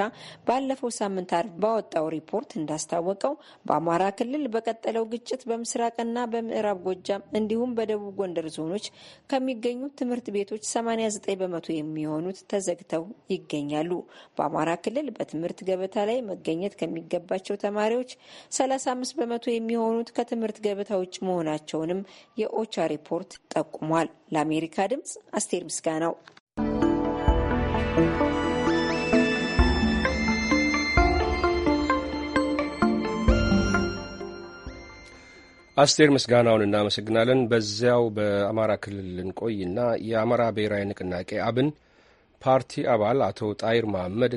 ባለፈው ሳምንት አርብ ባወጣው ሪፖርት እንዳስታወቀው በአማራ ክልል በቀጠለው ግጭት በምስራቅና በምዕራብ ጎጃም እንዲሁም በደቡብ ጎንደር ዞኖች ከሚገኙ ትምህርት ቤቶች 89 በመቶ የሚሆኑት ተዘግተው ይገኛሉ። በአማራ ክልል በትምህርት ገበታ ላይ መገኘት ከሚገባቸው ተማሪዎች 35 በመቶ የሚሆኑት ከትምህርት ገበታ ውጭ መሆናቸው መሆናቸውንም የኦቻ ሪፖርት ጠቁሟል። ለአሜሪካ ድምጽ አስቴር ምስጋናው። አስቴር ምስጋናውን እናመሰግናለን። በዚያው በአማራ ክልል እንቆይና የአማራ ብሔራዊ ንቅናቄ አብን ፓርቲ አባል አቶ ጣይር መሐመድ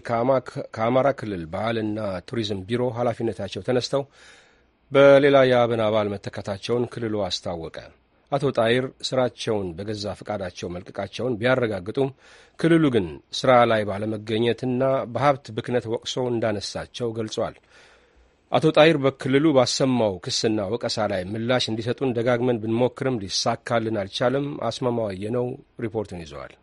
ከአማራ ክልል ባህልና ቱሪዝም ቢሮ ኃላፊነታቸው ተነስተው በሌላ የአብን አባል መተካታቸውን ክልሉ አስታወቀ። አቶ ጣይር ስራቸውን በገዛ ፈቃዳቸው መልቀቃቸውን ቢያረጋግጡም ክልሉ ግን ስራ ላይ ባለመገኘትና በሀብት ብክነት ወቅሶ እንዳነሳቸው ገልጿል። አቶ ጣይር በክልሉ ባሰማው ክስና ወቀሳ ላይ ምላሽ እንዲሰጡን ደጋግመን ብንሞክርም ሊሳካልን አልቻለም። አስማማው የነው ሪፖርቱን ይዘዋል።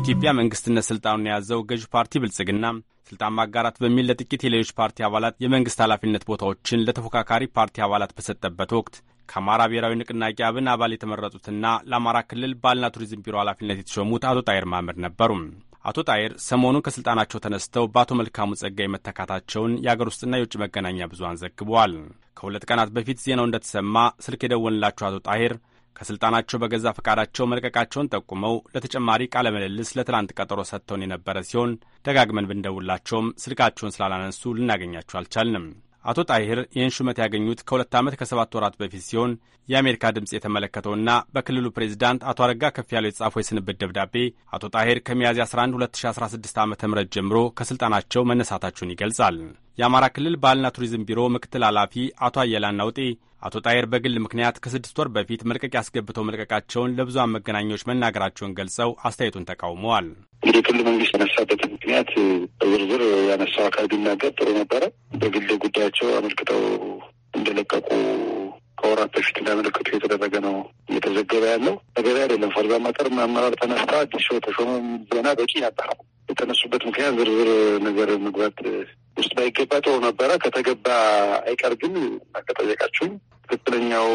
የኢትዮጵያ መንግስትነት ስልጣኑን የያዘው ገዢ ፓርቲ ብልጽግና ስልጣን ማጋራት በሚል ለጥቂት የሌሎች ፓርቲ አባላት የመንግስት ኃላፊነት ቦታዎችን ለተፎካካሪ ፓርቲ አባላት በሰጠበት ወቅት ከአማራ ብሔራዊ ንቅናቄ አብን አባል የተመረጡትና ለአማራ ክልል ባህልና ቱሪዝም ቢሮ ኃላፊነት የተሾሙት አቶ ጣይር ማምር ነበሩ። አቶ ጣይር ሰሞኑን ከስልጣናቸው ተነስተው በአቶ መልካሙ ጸጋይ መተካታቸውን የአገር ውስጥና የውጭ መገናኛ ብዙሃን ዘግበዋል። ከሁለት ቀናት በፊት ዜናው እንደተሰማ ስልክ የደወልንላቸው አቶ ጣይር ከሥልጣናቸው በገዛ ፈቃዳቸው መልቀቃቸውን ጠቁመው ለተጨማሪ ቃለ ምልልስ ለትናንት ቀጠሮ ሰጥተውን የነበረ ሲሆን ደጋግመን ብንደውላቸውም ስልካቸውን ስላላነሱ ልናገኛቸው አልቻልንም። አቶ ጣሂር ይህን ሹመት ያገኙት ከሁለት ዓመት ከሰባት ወራት በፊት ሲሆን የአሜሪካ ድምፅ የተመለከተውና በክልሉ ፕሬዚዳንት አቶ አረጋ ያለው የተጻፈው የስንብት ደብዳቤ አቶ ጣሂር ከሚያዝያ 11 2016 ዓ ም ጀምሮ ከሥልጣናቸው መነሳታቸውን ይገልጻል። የአማራ ክልል ባህልና ቱሪዝም ቢሮ ምክትል ኃላፊ አቶ አየላና ውጤ አቶ ጣይር በግል ምክንያት ከስድስት ወር በፊት መልቀቅ አስገብተው መልቀቃቸውን ለብዙሃን መገናኛዎች መናገራቸውን ገልጸው አስተያየቱን ተቃውመዋል። እንግዲህ ክልል መንግስት ያነሳበት ምክንያት በዝርዝር ያነሳው አካል ቢናገር ጥሩ ነበረ። በግል ጉዳያቸው አመልክተው እንደለቀቁ ከወራት በፊት እንዳመለከቱ የተደረገ ነው እየተዘገበ ያለው ነገር አይደለም። ፈርዛ መጠር አመራር ተነስታ አዲስ ሰው ተሾመ ዜና በቂ ነበር። የተነሱበት ምክንያት ዝርዝር ነገር መግባት ውስጥ ባይገባ ጥሩ ነበረ። ከተገባ አይቀር ግን አቀጠየቃችሁም ትክክለኛው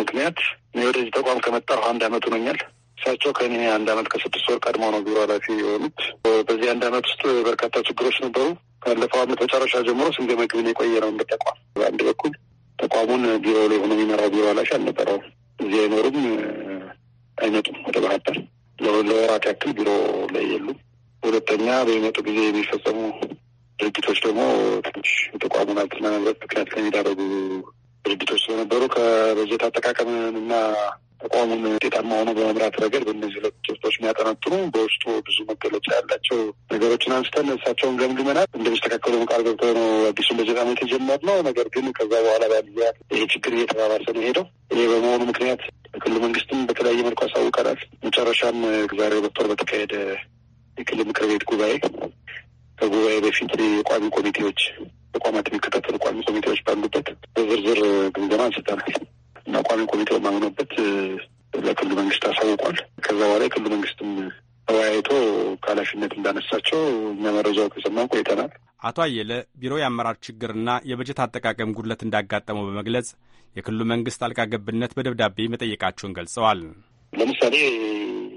ምክንያት እኔ ወደዚህ ተቋም ከመጣሁ አንድ አመት ሆኖኛል። እሳቸው ከኔ አንድ አመት ከስድስት ወር ቀድሞ ነው ቢሮ ኃላፊ የሆኑት። በዚህ አንድ አመት ውስጥ በርካታ ችግሮች ነበሩ። ካለፈው አመት መጨረሻ ጀምሮ ስንገመግብን የቆየ ነው እንደ ተቋም በአንድ በኩል ተቋሙን ቢሮ ላይ ሆኖ የሚመራው ቢሮ አላሽ አልነበረውም። እዚህ አይኖሩም፣ አይመጡም ወደ ባህር ዳር ለወራት ያክል ቢሮ ላይ የሉም። ሁለተኛ በሚመጡ ጊዜ የሚፈጸሙ ድርጊቶች ደግሞ ትንሽ ተቋሙን ሀብትና ንብረት ምክንያት ከሚዳረጉ ድርጊቶች ስለነበሩ ከበጀት አጠቃቀምንና ተቋሙን ውጤታማ ሆኖ በመምራት ረገድ በእነዚህ ሁለት ጭብጦች የሚያጠነጥኑ በውስጡ ብዙ መገለጫ ያላቸው ነገሮችን አንስተን እሳቸውን ገምግመናል። እንደሚስተካከሉ ቃል ገብተው ነው አዲሱን በጀት ዓመት የጀመርነው። ነገር ግን ከዛ በኋላ ባልያ ይሄ ችግር እየተባባሰ ነው ሄደው። ይሄ በመሆኑ ምክንያት ክልሉ መንግስትም በተለያየ መልኩ አሳውቀናል። መጨረሻም ዛሬ ሁለት ወር በተካሄደ የክልል ምክር ቤት ጉባኤ ከጉባኤ በፊት የቋሚ ኮሚቴዎች ተቋማት የሚከታተሉ ቋሚ ኮሚቴዎች ባሉበት በዝርዝር ግምገማ አንስተናል። እና ቋሚ ኮሚቴ ማምኖበት ለክልሉ መንግስት አሳውቋል። ከዛ በኋላ የክልሉ መንግስትም ተወያይቶ ከኃላፊነት እንዳነሳቸው እኛ መረጃው ከሰማን ቆይተናል። አቶ አየለ ቢሮ የአመራር ችግርና የበጀት አጠቃቀም ጉድለት እንዳጋጠመው በመግለጽ የክልሉ መንግስት ጣልቃ ገብነት በደብዳቤ መጠየቃቸውን ገልጸዋል። ለምሳሌ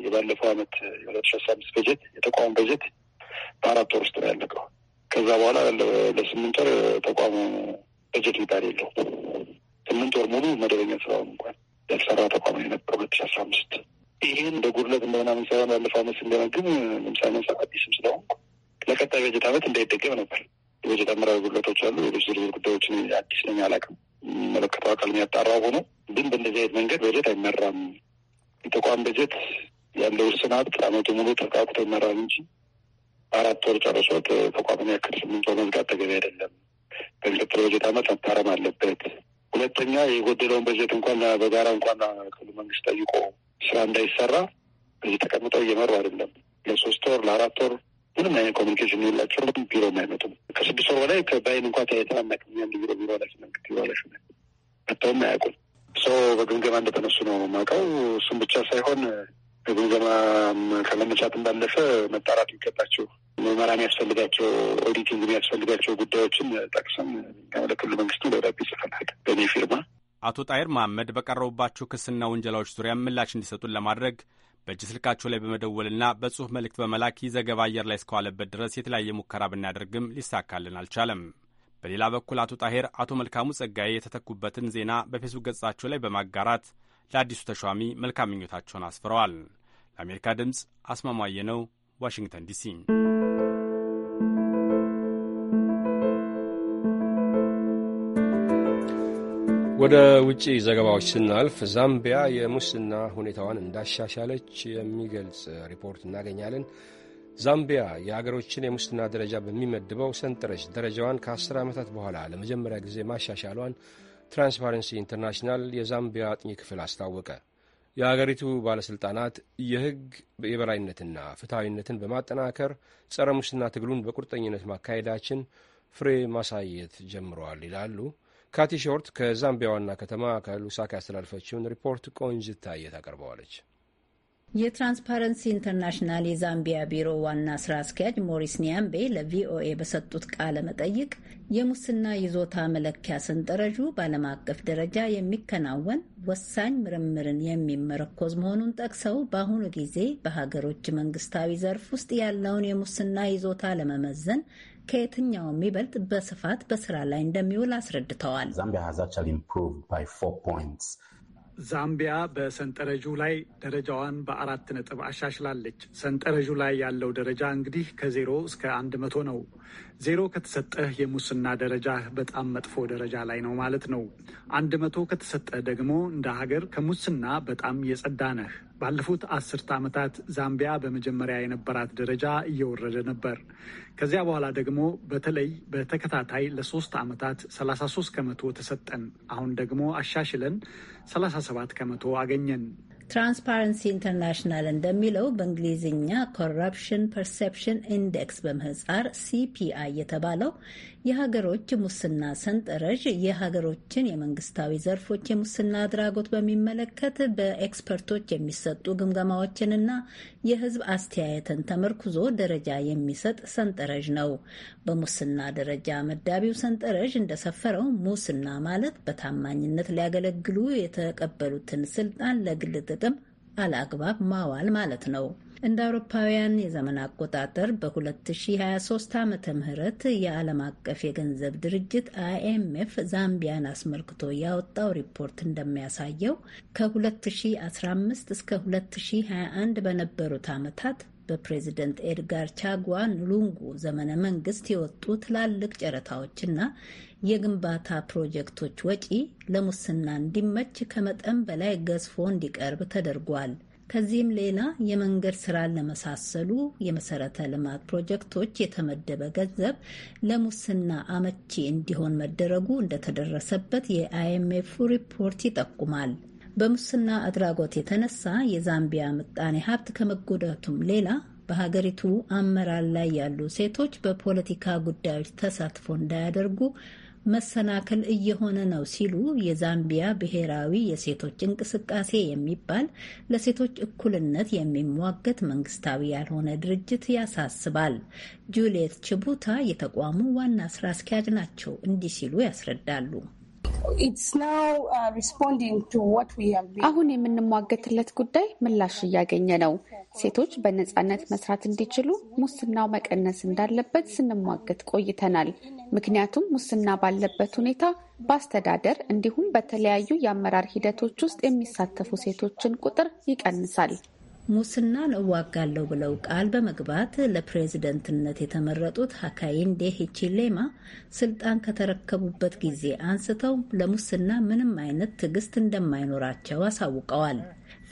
የባለፈው አመት የሁለት ሺ አስራ አምስት በጀት የተቋሙ በጀት በአራት ወር ውስጥ ነው ያለቀው። ከዛ በኋላ ለስምንት ወር ተቋሙ በጀት ሚጣር የለው ስምንት ወር ሙሉ መደበኛ ስራውን እንኳን ያልሰራ ተቋም የነበረ ሁለት ሺ አስራ አምስት ይህን በጉድለት እንደሆነ ምንሰራ ባለፈው አመት ስንገመግም ለምሳሌ መሳ አዲስም ስለሆን ለቀጣይ በጀት አመት እንዳይደገም ነበር። የበጀት አመራዊ ጉድለቶች አሉ። ሌሎች ዝርዝር ጉዳዮችን አዲስ ነኝ አላውቅም። የሚመለከተው አካል የሚያጣራ ሆኖ ግን በእንደዚህ አይነት መንገድ በጀት አይመራም። የተቋም በጀት ያለው ስናት አመቱ ሙሉ ተቃቁቶ ይመራል እንጂ አራት ወር ጨርሶት ተቋምን ያክል ስምንት ወር መዝጋት ተገቢ አይደለም። በሚቀጥለው በጀት አመት መታረም አለበት ሁለተኛ የጎደለውን በጀት እንኳን በጋራ እንኳን ክልሉ መንግስት ጠይቆ ስራ እንዳይሰራ እዚህ ተቀምጠው እየመሩ አይደለም። ለሶስት ወር ለአራት ወር ምንም አይነት ኮሚኒኬሽን የላቸው። ቢሮ አይመጡም። ከስድስት ወር በላይ ከባይን እንኳ ተያይተን አናውቅም። ያንድ ቢሮ ቢሮ ላሽ ቢሮ ላሽ መጥተውም አያውቁም። ሰው በግምገማ እንደተነሱ ነው የማውቀው። እሱም ብቻ ሳይሆን ግምገማ ከመነሳትም ባለፈ መጣራት የሚገባቸው መመራን ያስፈልጋቸው ኦዲቲንግ የሚያስፈልጋቸው ጉዳዮችን ጠቅሰን ለክልሉ መንግስቱ ደብዳቤ ጽፈናል በእኔ ፊርማ። አቶ ጣይር መሐመድ በቀረቡባቸው ክስና ወንጀላዎች ዙሪያ ምላሽ እንዲሰጡን ለማድረግ በእጅ ስልካቸው ላይ በመደወልና በጽሁፍ መልእክት በመላክ ይህ ዘገባ አየር ላይ እስከዋለበት ድረስ የተለያየ ሙከራ ብናደርግም ሊሳካልን አልቻለም። በሌላ በኩል አቶ ጣሄር አቶ መልካሙ ጸጋዬ የተተኩበትን ዜና በፌስቡክ ገጻቸው ላይ በማጋራት ለአዲሱ ተሿሚ መልካም ምኞታቸውን አስፍረዋል። ለአሜሪካ ድምፅ አስማማየ ነው፣ ዋሽንግተን ዲሲ። ወደ ውጭ ዘገባዎች ስናልፍ ዛምቢያ የሙስና ሁኔታዋን እንዳሻሻለች የሚገልጽ ሪፖርት እናገኛለን። ዛምቢያ የአገሮችን የሙስና ደረጃ በሚመድበው ሰንጠረዥ ደረጃዋን ከአስር ዓመታት በኋላ ለመጀመሪያ ጊዜ ማሻሻሏን ትራንስፓረንሲ ኢንተርናሽናል የዛምቢያ አጥኚ ክፍል አስታወቀ። የአገሪቱ ባለሥልጣናት የሕግ የበላይነትና ፍትሐዊነትን በማጠናከር ጸረ ሙስና ትግሉን በቁርጠኝነት ማካሄዳችን ፍሬ ማሳየት ጀምረዋል ይላሉ። ካቲ ሾርት ከዛምቢያ ዋና ከተማ ከሉሳካ ያስተላልፈችውን ሪፖርት ቆንጅታየት አቀርበዋለች። ታቀርበዋለች። የትራንስፓረንሲ ኢንተርናሽናል የዛምቢያ ቢሮ ዋና ስራ አስኪያጅ ሞሪስ ኒያምቤ ለቪኦኤ በሰጡት ቃለ መጠይቅ የሙስና ይዞታ መለኪያ ሰንጠረዡ በዓለም አቀፍ ደረጃ የሚከናወን ወሳኝ ምርምርን የሚመረኮዝ መሆኑን ጠቅሰው በአሁኑ ጊዜ በሀገሮች መንግስታዊ ዘርፍ ውስጥ ያለውን የሙስና ይዞታ ለመመዘን ከየትኛው የሚበልጥ በስፋት በስራ ላይ እንደሚውል አስረድተዋል። ዛምቢያ በሰንጠረዡ ላይ ደረጃዋን በአራት ነጥብ አሻሽላለች። ሰንጠረዡ ላይ ያለው ደረጃ እንግዲህ ከዜሮ እስከ አንድ መቶ ነው። ዜሮ ከተሰጠህ የሙስና ደረጃ በጣም መጥፎ ደረጃ ላይ ነው ማለት ነው። አንድ መቶ ከተሰጠህ ደግሞ እንደ ሀገር ከሙስና በጣም የጸዳ ነህ። ባለፉት አስርተ ዓመታት ዛምቢያ በመጀመሪያ የነበራት ደረጃ እየወረደ ነበር። ከዚያ በኋላ ደግሞ በተለይ በተከታታይ ለሶስት ዓመታት 33 ከመቶ ተሰጠን። አሁን ደግሞ አሻሽለን 37 ከመቶ አገኘን። ትራንስፓረንሲ ኢንተርናሽናል እንደሚለው በእንግሊዝኛ ኮረፕሽን ፐርሴፕሽን ኢንዴክስ በምህጻር ሲፒአይ የተባለው የሀገሮች ሙስና ሰንጠረዥ የሀገሮችን የመንግስታዊ ዘርፎች የሙስና አድራጎት በሚመለከት በኤክስፐርቶች የሚሰጡ ግምገማዎችንና የህዝብ አስተያየትን ተመርኩዞ ደረጃ የሚሰጥ ሰንጠረዥ ነው። በሙስና ደረጃ መዳቢው ሰንጠረዥ እንደሰፈረው ሙስና ማለት በታማኝነት ሊያገለግሉ የተቀበሉትን ስልጣን ለግል ጥቅም አለአግባብ ማዋል ማለት ነው። እንደ አውሮፓውያን የዘመን አቆጣጠር በ2023 ዓ ም የዓለም አቀፍ የገንዘብ ድርጅት አይኤምኤፍ ዛምቢያን አስመልክቶ ያወጣው ሪፖርት እንደሚያሳየው ከ2015 እስከ 2021 በነበሩት ዓመታት በፕሬዚደንት ኤድጋር ቻጓ ሉንጉ ዘመነ መንግስት የወጡ ትላልቅ ጨረታዎችና የግንባታ ፕሮጀክቶች ወጪ ለሙስና እንዲመች ከመጠን በላይ ገዝፎ እንዲቀርብ ተደርጓል። ከዚህም ሌላ የመንገድ ስራን ለመሳሰሉ የመሰረተ ልማት ፕሮጀክቶች የተመደበ ገንዘብ ለሙስና አመቺ እንዲሆን መደረጉ እንደተደረሰበት የአይኤምኤፍ ሪፖርት ይጠቁማል። በሙስና አድራጎት የተነሳ የዛምቢያ ምጣኔ ሀብት ከመጎዳቱም ሌላ በሀገሪቱ አመራር ላይ ያሉ ሴቶች በፖለቲካ ጉዳዮች ተሳትፎ እንዳያደርጉ መሰናክል እየሆነ ነው ሲሉ የዛምቢያ ብሔራዊ የሴቶች እንቅስቃሴ የሚባል ለሴቶች እኩልነት የሚሟገት መንግስታዊ ያልሆነ ድርጅት ያሳስባል። ጁልየት ችቡታ የተቋሙ ዋና ስራ አስኪያጅ ናቸው። እንዲህ ሲሉ ያስረዳሉ። Uh, አሁን የምንሟገትለት ጉዳይ ምላሽ እያገኘ ነው። ሴቶች በነፃነት መስራት እንዲችሉ ሙስናው መቀነስ እንዳለበት ስንሟገት ቆይተናል። ምክንያቱም ሙስና ባለበት ሁኔታ በአስተዳደር እንዲሁም በተለያዩ የአመራር ሂደቶች ውስጥ የሚሳተፉ ሴቶችን ቁጥር ይቀንሳል። ሙስናን እዋጋለሁ ብለው ቃል በመግባት ለፕሬዝደንትነት የተመረጡት ሀካይንዴ ሂቺሌማ ስልጣን ከተረከቡበት ጊዜ አንስተው ለሙስና ምንም አይነት ትዕግስት እንደማይኖራቸው አሳውቀዋል።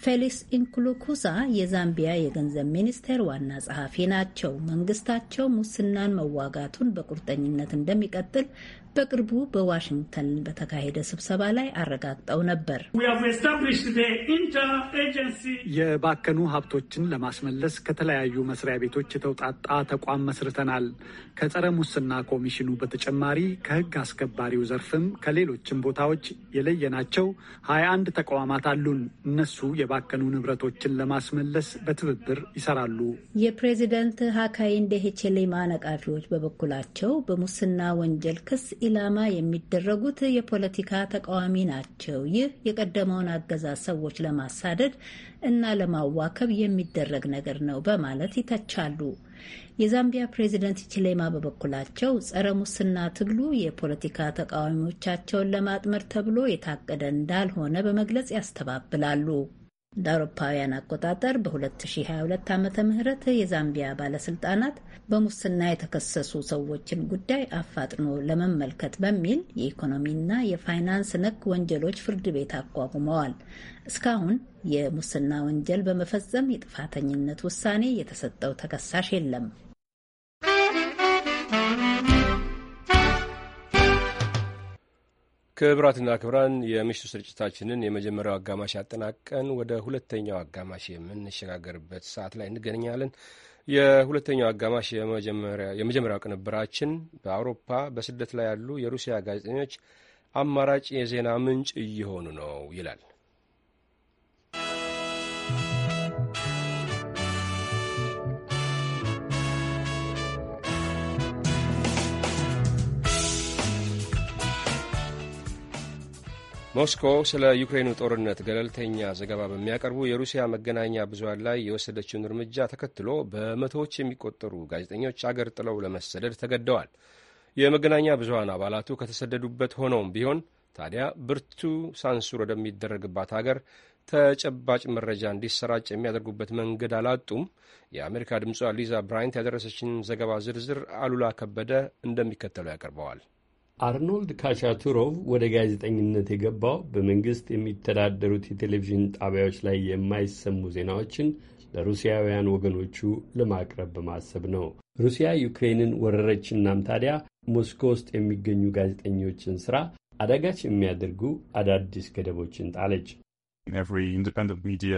ፌሊክስ ኢንኩሉኩዛ የዛምቢያ የገንዘብ ሚኒስቴር ዋና ጸሐፊ ናቸው። መንግስታቸው ሙስናን መዋጋቱን በቁርጠኝነት እንደሚቀጥል በቅርቡ በዋሽንግተን በተካሄደ ስብሰባ ላይ አረጋግጠው ነበር። የባከኑ ሀብቶችን ለማስመለስ ከተለያዩ መስሪያ ቤቶች የተውጣጣ ተቋም መስርተናል። ከጸረ ሙስና ኮሚሽኑ በተጨማሪ ከህግ አስከባሪው ዘርፍም ከሌሎችም ቦታዎች የለየናቸው ሀያ አንድ ተቋማት አሉን። እነሱ የባከኑ ንብረቶችን ለማስመለስ በትብብር ይሰራሉ። የፕሬዚደንት ሀካይን ሂቼሌማ ነቃፊዎች በበኩላቸው በሙስና ወንጀል ክስ ኢላማ የሚደረጉት የፖለቲካ ተቃዋሚ ናቸው። ይህ የቀደመውን አገዛዝ ሰዎች ለማሳደድ እና ለማዋከብ የሚደረግ ነገር ነው በማለት ይተቻሉ። የዛምቢያ ፕሬዚደንት ቺሌማ በበኩላቸው ጸረ ሙስና ትግሉ የፖለቲካ ተቃዋሚዎቻቸውን ለማጥመር ተብሎ የታቀደ እንዳልሆነ በመግለጽ ያስተባብላሉ። እንደ አውሮፓውያን አቆጣጠር በ2022 ዓመተ ምህረት የዛምቢያ ባለስልጣናት በሙስና የተከሰሱ ሰዎችን ጉዳይ አፋጥኖ ለመመልከት በሚል የኢኮኖሚና የፋይናንስ ነክ ወንጀሎች ፍርድ ቤት አቋቁመዋል። እስካሁን የሙስና ወንጀል በመፈጸም የጥፋተኝነት ውሳኔ የተሰጠው ተከሳሽ የለም። ክብራትና ክብራን የምሽቱ ስርጭታችንን የመጀመሪያው አጋማሽ አጠናቀን ወደ ሁለተኛው አጋማሽ የምንሸጋገርበት ሰዓት ላይ እንገናኛለን። የሁለተኛው አጋማሽ የመጀመሪያው ቅንብራችን በአውሮፓ በስደት ላይ ያሉ የሩሲያ ጋዜጠኞች አማራጭ የዜና ምንጭ እየሆኑ ነው ይላል። ሞስኮ ስለ ዩክሬኑ ጦርነት ገለልተኛ ዘገባ በሚያቀርቡ የሩሲያ መገናኛ ብዙሀን ላይ የወሰደችውን እርምጃ ተከትሎ በመቶዎች የሚቆጠሩ ጋዜጠኞች አገር ጥለው ለመሰደድ ተገደዋል። የመገናኛ ብዙሀን አባላቱ ከተሰደዱበት ሆነውም ቢሆን ታዲያ ብርቱ ሳንሱር ወደሚደረግባት አገር ተጨባጭ መረጃ እንዲሰራጭ የሚያደርጉበት መንገድ አላጡም። የአሜሪካ ድምጿ ሊዛ ብራይንት ያደረሰችን ዘገባ ዝርዝር አሉላ ከበደ እንደሚከተለው ያቀርበዋል። አርኖልድ ካሻቱሮቭ ወደ ጋዜጠኝነት የገባው በመንግስት የሚተዳደሩት የቴሌቪዥን ጣቢያዎች ላይ የማይሰሙ ዜናዎችን ለሩሲያውያን ወገኖቹ ለማቅረብ በማሰብ ነው። ሩሲያ ዩክሬንን ወረረችናም ታዲያ ሞስኮ ውስጥ የሚገኙ ጋዜጠኞችን ስራ አዳጋች የሚያደርጉ አዳዲስ ገደቦችን ጣለች። ኤቭሪ ሚዲያ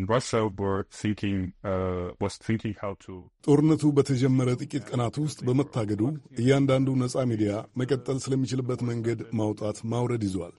Uh, ጦርነቱ በተጀመረ ጥቂት ቀናት ውስጥ በመታገዱ እያንዳንዱ ነፃ ሚዲያ መቀጠል ስለሚችልበት መንገድ ማውጣት ማውረድ ይዟል።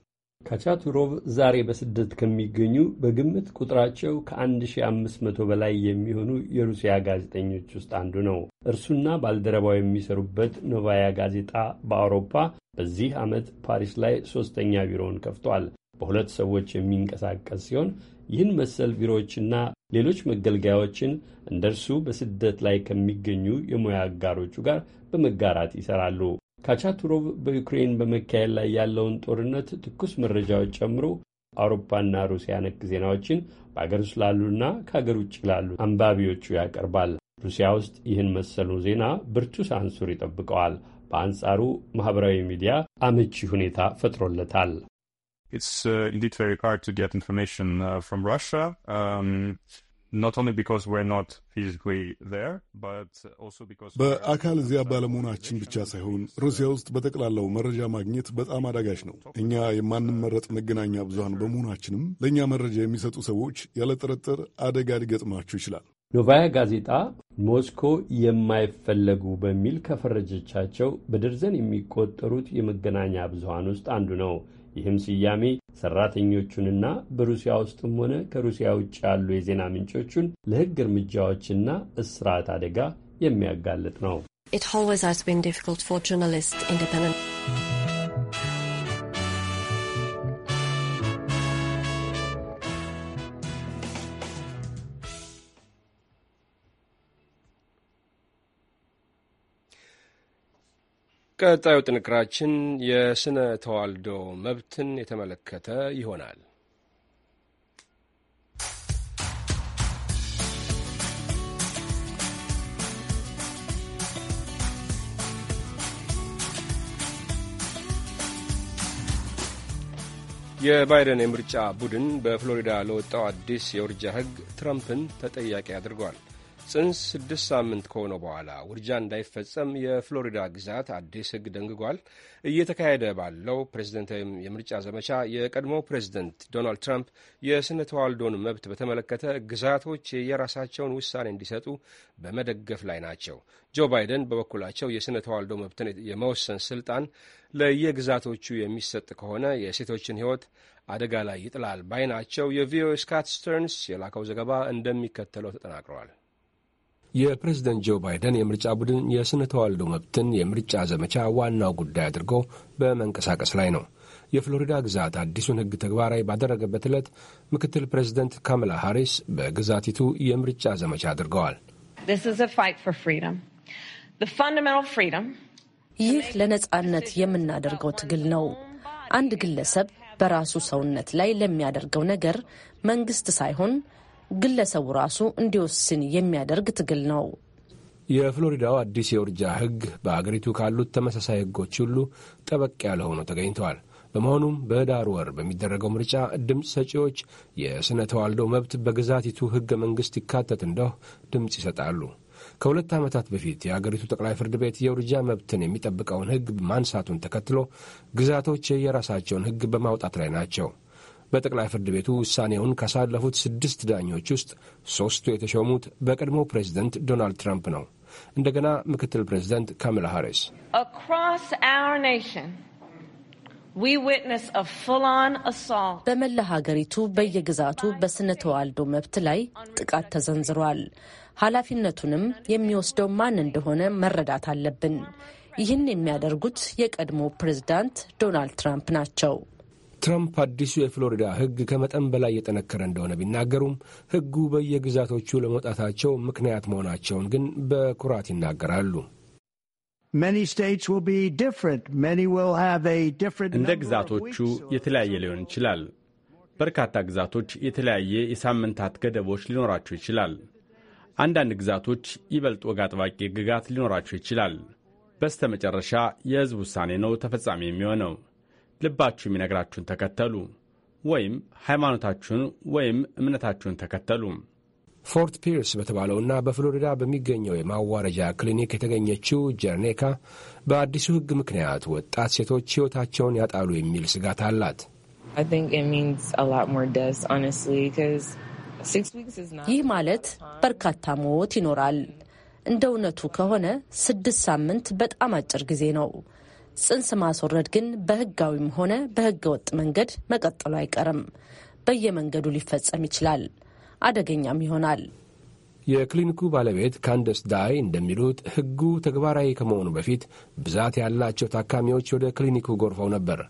ካቻቱሮቭ ዛሬ በስደት ከሚገኙ በግምት ቁጥራቸው ከ1500 በላይ የሚሆኑ የሩሲያ ጋዜጠኞች ውስጥ አንዱ ነው። እርሱና ባልደረባው የሚሰሩበት ኖቫያ ጋዜጣ በአውሮፓ በዚህ ዓመት ፓሪስ ላይ ሦስተኛ ቢሮውን ከፍቷል። በሁለት ሰዎች የሚንቀሳቀስ ሲሆን ይህን መሰል ቢሮዎችና ሌሎች መገልገያዎችን እንደ እርሱ በስደት ላይ ከሚገኙ የሙያ አጋሮቹ ጋር በመጋራት ይሰራሉ። ካቻቱሮቭ በዩክሬን በመካሄድ ላይ ያለውን ጦርነት ትኩስ መረጃዎች ጨምሮ አውሮፓና ሩሲያ ነክ ዜናዎችን በአገር ውስጥ ላሉና ከአገር ውጭ ላሉ አንባቢዎቹ ያቀርባል። ሩሲያ ውስጥ ይህን መሰሉ ዜና ብርቱ ሳንሱር ይጠብቀዋል። በአንጻሩ ማኅበራዊ ሚዲያ አመቺ ሁኔታ ፈጥሮለታል። it's indeed very hard to get information from Russia. Um, not only because we're not physically there, but also because በአካል እዚያ ባለመሆናችን ብቻ ሳይሆን ሩሲያ ውስጥ በጠቅላላው መረጃ ማግኘት በጣም አዳጋች ነው። እኛ የማንመረጥ መገናኛ ብዙሃን በመሆናችንም ለእኛ መረጃ የሚሰጡ ሰዎች ያለ ጥርጥር አደጋ ሊገጥማችሁ ይችላል። ኖቫያ ጋዜጣ ሞስኮ የማይፈለጉ በሚል ከፈረጀቻቸው በደርዘን የሚቆጠሩት የመገናኛ ብዙሃን ውስጥ አንዱ ነው። ይህም ስያሜ ሰራተኞቹንና በሩሲያ ውስጥም ሆነ ከሩሲያ ውጭ ያሉ የዜና ምንጮቹን ለሕግ እርምጃዎችና እስራት አደጋ የሚያጋልጥ ነው። ቀጣዩ ጥንቅራችን የስነ ተዋልዶ መብትን የተመለከተ ይሆናል። የባይደን የምርጫ ቡድን በፍሎሪዳ ለወጣው አዲስ የውርጃ ሕግ ትራምፕን ተጠያቂ አድርጓል። ጽንስ ስድስት ሳምንት ከሆነው በኋላ ውርጃ እንዳይፈጸም የፍሎሪዳ ግዛት አዲስ ሕግ ደንግጓል። እየተካሄደ ባለው ፕሬዚደንታዊ የምርጫ ዘመቻ የቀድሞ ፕሬዝደንት ዶናልድ ትራምፕ የስነ ተዋልዶን መብት በተመለከተ ግዛቶች የራሳቸውን ውሳኔ እንዲሰጡ በመደገፍ ላይ ናቸው። ጆ ባይደን በበኩላቸው የስነ ተዋልዶ መብትን የመወሰን ስልጣን ለየግዛቶቹ የሚሰጥ ከሆነ የሴቶችን ሕይወት አደጋ ላይ ይጥላል ባይ ናቸው። የቪኦኤ ስካት ስተርንስ የላከው ዘገባ እንደሚከተለው ተጠናቅረዋል። የፕሬዝደንት ጆ ባይደን የምርጫ ቡድን የስነ ተዋልዶ መብትን የምርጫ ዘመቻ ዋናው ጉዳይ አድርጎ በመንቀሳቀስ ላይ ነው። የፍሎሪዳ ግዛት አዲሱን ሕግ ተግባራዊ ባደረገበት ዕለት ምክትል ፕሬዝደንት ካማላ ሃሪስ በግዛቲቱ የምርጫ ዘመቻ አድርገዋል። ይህ ለነጻነት የምናደርገው ትግል ነው። አንድ ግለሰብ በራሱ ሰውነት ላይ ለሚያደርገው ነገር መንግስት ሳይሆን ግለሰቡ ራሱ እንዲወስን የሚያደርግ ትግል ነው። የፍሎሪዳው አዲስ የውርጃ ህግ በአገሪቱ ካሉት ተመሳሳይ ህጎች ሁሉ ጠበቅ ያለ ሆኖ ተገኝተዋል። በመሆኑም በህዳር ወር በሚደረገው ምርጫ ድምፅ ሰጪዎች የሥነ ተዋልዶ መብት በግዛቲቱ ህገ መንግሥት ይካተት እንደው ድምፅ ይሰጣሉ። ከሁለት ዓመታት በፊት የአገሪቱ ጠቅላይ ፍርድ ቤት የውርጃ መብትን የሚጠብቀውን ህግ ማንሳቱን ተከትሎ ግዛቶች የራሳቸውን ህግ በማውጣት ላይ ናቸው። በጠቅላይ ፍርድ ቤቱ ውሳኔውን ካሳለፉት ስድስት ዳኞች ውስጥ ሦስቱ የተሾሙት በቀድሞ ፕሬዝደንት ዶናልድ ትራምፕ ነው። እንደገና ምክትል ፕሬዝደንት ካማላ ሃሪስ በመላ ሀገሪቱ በየግዛቱ በስነ ተዋልዶ መብት ላይ ጥቃት ተዘንዝሯል። ኃላፊነቱንም የሚወስደው ማን እንደሆነ መረዳት አለብን። ይህን የሚያደርጉት የቀድሞ ፕሬዝዳንት ዶናልድ ትራምፕ ናቸው። ትራምፕ አዲሱ የፍሎሪዳ ሕግ ከመጠን በላይ የጠነከረ እንደሆነ ቢናገሩም ሕጉ በየግዛቶቹ ለመውጣታቸው ምክንያት መሆናቸውን ግን በኩራት ይናገራሉ። እንደ ግዛቶቹ የተለያየ ሊሆን ይችላል። በርካታ ግዛቶች የተለያየ የሳምንታት ገደቦች ሊኖራቸው ይችላል። አንዳንድ ግዛቶች ይበልጥ ወግ አጥባቂ ሕግጋት ሊኖራቸው ይችላል። በስተ መጨረሻ የሕዝብ ውሳኔ ነው ተፈጻሚ የሚሆነው። ልባችሁ የሚነግራችሁን ተከተሉ፣ ወይም ሃይማኖታችሁን ወይም እምነታችሁን ተከተሉ። ፎርት ፒርስ በተባለውና በፍሎሪዳ በሚገኘው የማዋረጃ ክሊኒክ የተገኘችው ጀርኔካ በአዲሱ ሕግ ምክንያት ወጣት ሴቶች ሕይወታቸውን ያጣሉ የሚል ስጋት አላት። ይህ ማለት በርካታ ሞት ይኖራል። እንደ እውነቱ ከሆነ ስድስት ሳምንት በጣም አጭር ጊዜ ነው። ጽንስ ማስወረድ ግን በህጋዊም ሆነ በህገ ወጥ መንገድ መቀጠሉ አይቀርም። በየመንገዱ ሊፈጸም ይችላል፣ አደገኛም ይሆናል። የክሊኒኩ ባለቤት ካንደስ ዳይ እንደሚሉት ህጉ ተግባራዊ ከመሆኑ በፊት ብዛት ያላቸው ታካሚዎች ወደ ክሊኒኩ ጎርፈው ነበር።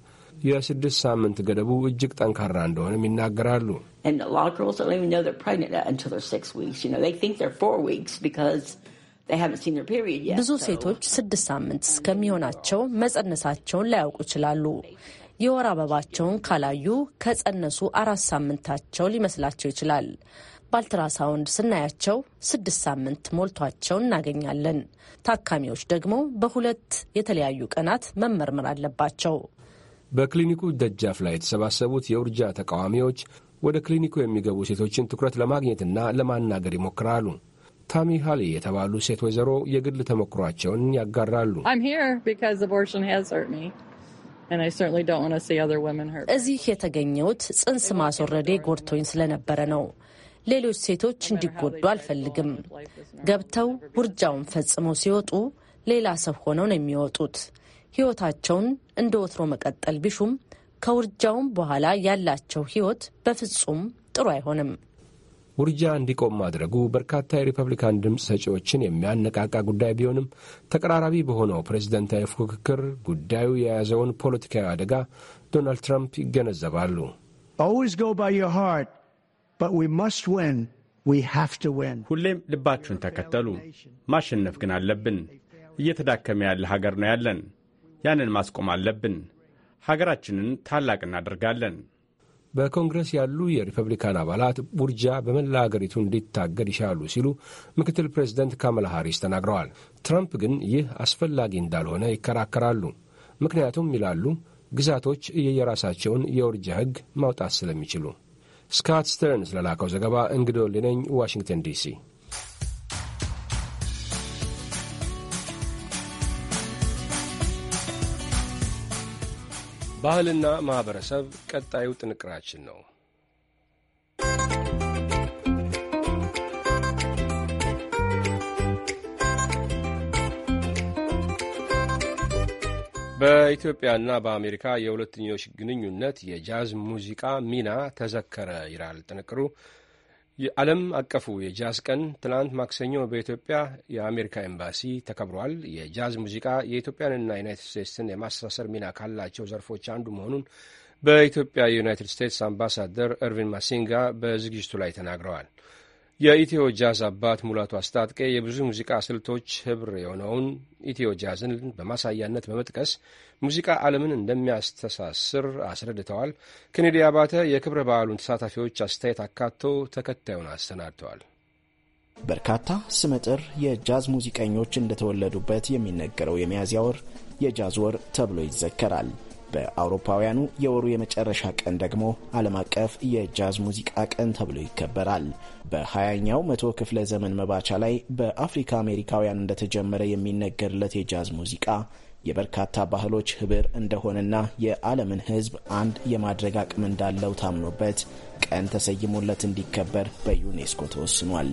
የስድስት ሳምንት ገደቡ እጅግ ጠንካራ እንደሆነም ይናገራሉ። ብዙ ሴቶች ስድስት ሳምንት እስከሚሆናቸው መጸነሳቸውን ላያውቁ ይችላሉ። የወር አበባቸውን ካላዩ ከጸነሱ አራት ሳምንታቸው ሊመስላቸው ይችላል። ባልትራሳውንድ ስናያቸው ስድስት ሳምንት ሞልቷቸው እናገኛለን። ታካሚዎች ደግሞ በሁለት የተለያዩ ቀናት መመርመር አለባቸው። በክሊኒኩ ደጃፍ ላይ የተሰባሰቡት የውርጃ ተቃዋሚዎች ወደ ክሊኒኩ የሚገቡ ሴቶችን ትኩረት ለማግኘትና ለማናገር ይሞክራሉ። ታሚ ሃሊ የተባሉ ሴት ወይዘሮ የግል ተሞክሯቸውን ያጋራሉ። እዚህ የተገኘሁት ጽንስ ማስወረዴ ጎድቶኝ ስለነበረ ነው። ሌሎች ሴቶች እንዲጎዱ አልፈልግም። ገብተው ውርጃውን ፈጽመው ሲወጡ ሌላ ሰው ሆነው ነው የሚወጡት። ሕይወታቸውን እንደ ወትሮ መቀጠል ቢሹም ከውርጃውም በኋላ ያላቸው ሕይወት በፍጹም ጥሩ አይሆንም። ውርጃ እንዲቆም ማድረጉ በርካታ የሪፐብሊካን ድምፅ ሰጪዎችን የሚያነቃቃ ጉዳይ ቢሆንም ተቀራራቢ በሆነው ፕሬዝደንታዊ ፉክክር ጉዳዩ የያዘውን ፖለቲካዊ አደጋ ዶናልድ ትራምፕ ይገነዘባሉ። ሁሌም ልባችሁን ተከተሉ፣ ማሸነፍ ግን አለብን። እየተዳከመ ያለ ሀገር ነው ያለን። ያንን ማስቆም አለብን። ሀገራችንን ታላቅ እናደርጋለን። በኮንግረስ ያሉ የሪፐብሊካን አባላት ውርጃ በመላ አገሪቱ እንዲታገድ ይሻሉ ሲሉ ምክትል ፕሬዚደንት ካመላ ሃሪስ ተናግረዋል። ትራምፕ ግን ይህ አስፈላጊ እንዳልሆነ ይከራከራሉ። ምክንያቱም ይላሉ፣ ግዛቶች የየራሳቸውን የውርጃ ሕግ ማውጣት ስለሚችሉ። ስካት ስተርንስ ለላከው ዘገባ እንግዶ ሊነኝ ዋሽንግተን ዲሲ ባህልና ማኅበረሰብ ቀጣዩ ጥንቅራችን ነው። በኢትዮጵያና በአሜሪካ የሁለተኞች ግንኙነት የጃዝ ሙዚቃ ሚና ተዘከረ ይላል ጥንቅሩ። የዓለም አቀፉ የጃዝ ቀን ትናንት ማክሰኞ በኢትዮጵያ የአሜሪካ ኤምባሲ ተከብሯል። የጃዝ ሙዚቃ የኢትዮጵያንና ዩናይትድ ስቴትስን የማስተሳሰር ሚና ካላቸው ዘርፎች አንዱ መሆኑን በኢትዮጵያ የዩናይትድ ስቴትስ አምባሳደር እርቪን ማሲንጋ በዝግጅቱ ላይ ተናግረዋል። የኢትዮ ጃዝ አባት ሙላቱ አስታጥቄ የብዙ ሙዚቃ ስልቶች ህብር የሆነውን ኢትዮ ጃዝን በማሳያነት በመጥቀስ ሙዚቃ ዓለምን እንደሚያስተሳስር አስረድተዋል። ኬኔዲ አባተ የክብረ በዓሉን ተሳታፊዎች አስተያየት አካቶ ተከታዩን አሰናድተዋል። በርካታ ስመጥር የጃዝ ሙዚቀኞች እንደተወለዱበት የሚነገረው የሚያዝያ ወር የጃዝ ወር ተብሎ ይዘከራል። በአውሮፓውያኑ የወሩ የመጨረሻ ቀን ደግሞ ዓለም አቀፍ የጃዝ ሙዚቃ ቀን ተብሎ ይከበራል። በ20ኛው መቶ ክፍለ ዘመን መባቻ ላይ በአፍሪካ አሜሪካውያን እንደተጀመረ የሚነገርለት የጃዝ ሙዚቃ የበርካታ ባህሎች ህብር እንደሆነና የዓለምን ሕዝብ አንድ የማድረግ አቅም እንዳለው ታምኖበት ቀን ተሰይሞለት እንዲከበር በዩኔስኮ ተወስኗል።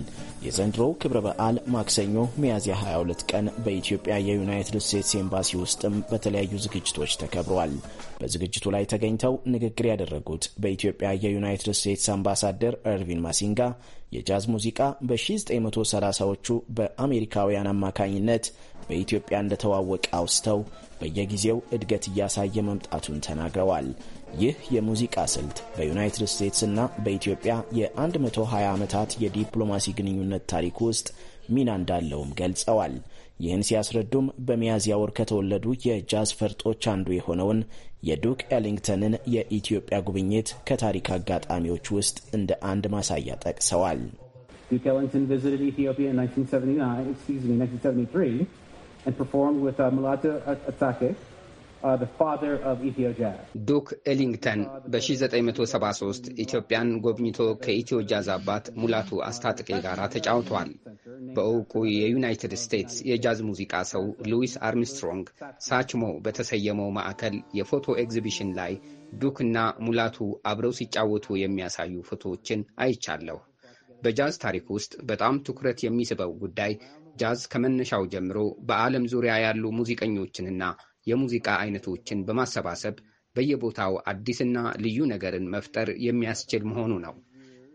የዘንድሮው ክብረ በዓል ማክሰኞ ሚያዝያ 22 ቀን በኢትዮጵያ የዩናይትድ ስቴትስ ኤምባሲ ውስጥም በተለያዩ ዝግጅቶች ተከብሯል። በዝግጅቱ ላይ ተገኝተው ንግግር ያደረጉት በኢትዮጵያ የዩናይትድ ስቴትስ አምባሳደር እርቪን ማሲንጋ የጃዝ ሙዚቃ በ1930ዎቹ በአሜሪካውያን አማካኝነት በኢትዮጵያ እንደተዋወቀ አውስተው በየጊዜው እድገት እያሳየ መምጣቱን ተናግረዋል። ይህ የሙዚቃ ስልት በዩናይትድ ስቴትስ እና በኢትዮጵያ የ120 ዓመታት የዲፕሎማሲ ግንኙነት ታሪክ ውስጥ ሚና እንዳለውም ገልጸዋል። ይህን ሲያስረዱም በሚያዝያ ወር ከተወለዱ የጃዝ ፈርጦች አንዱ የሆነውን የዱክ ኤሊንግተንን የኢትዮጵያ ጉብኝት ከታሪክ አጋጣሚዎች ውስጥ እንደ አንድ ማሳያ ጠቅሰዋል። ዱክ ዱክ uh, ኤሊንግተን በ1973 ኢትዮጵያን ጎብኝቶ ከኢትዮ ጃዝ አባት ሙላቱ አስታጥቄ ጋር ተጫውቷል። በእውቁ የዩናይትድ ስቴትስ የጃዝ ሙዚቃ ሰው ሉዊስ አርምስትሮንግ ሳችሞ በተሰየመው ማዕከል የፎቶ ኤግዚቢሽን ላይ ዱክ እና ሙላቱ አብረው ሲጫወቱ የሚያሳዩ ፎቶዎችን አይቻለሁ። በጃዝ ታሪክ ውስጥ በጣም ትኩረት የሚስበው ጉዳይ ጃዝ ከመነሻው ጀምሮ በዓለም ዙሪያ ያሉ ሙዚቀኞችንና የሙዚቃ አይነቶችን በማሰባሰብ በየቦታው አዲስና ልዩ ነገርን መፍጠር የሚያስችል መሆኑ ነው።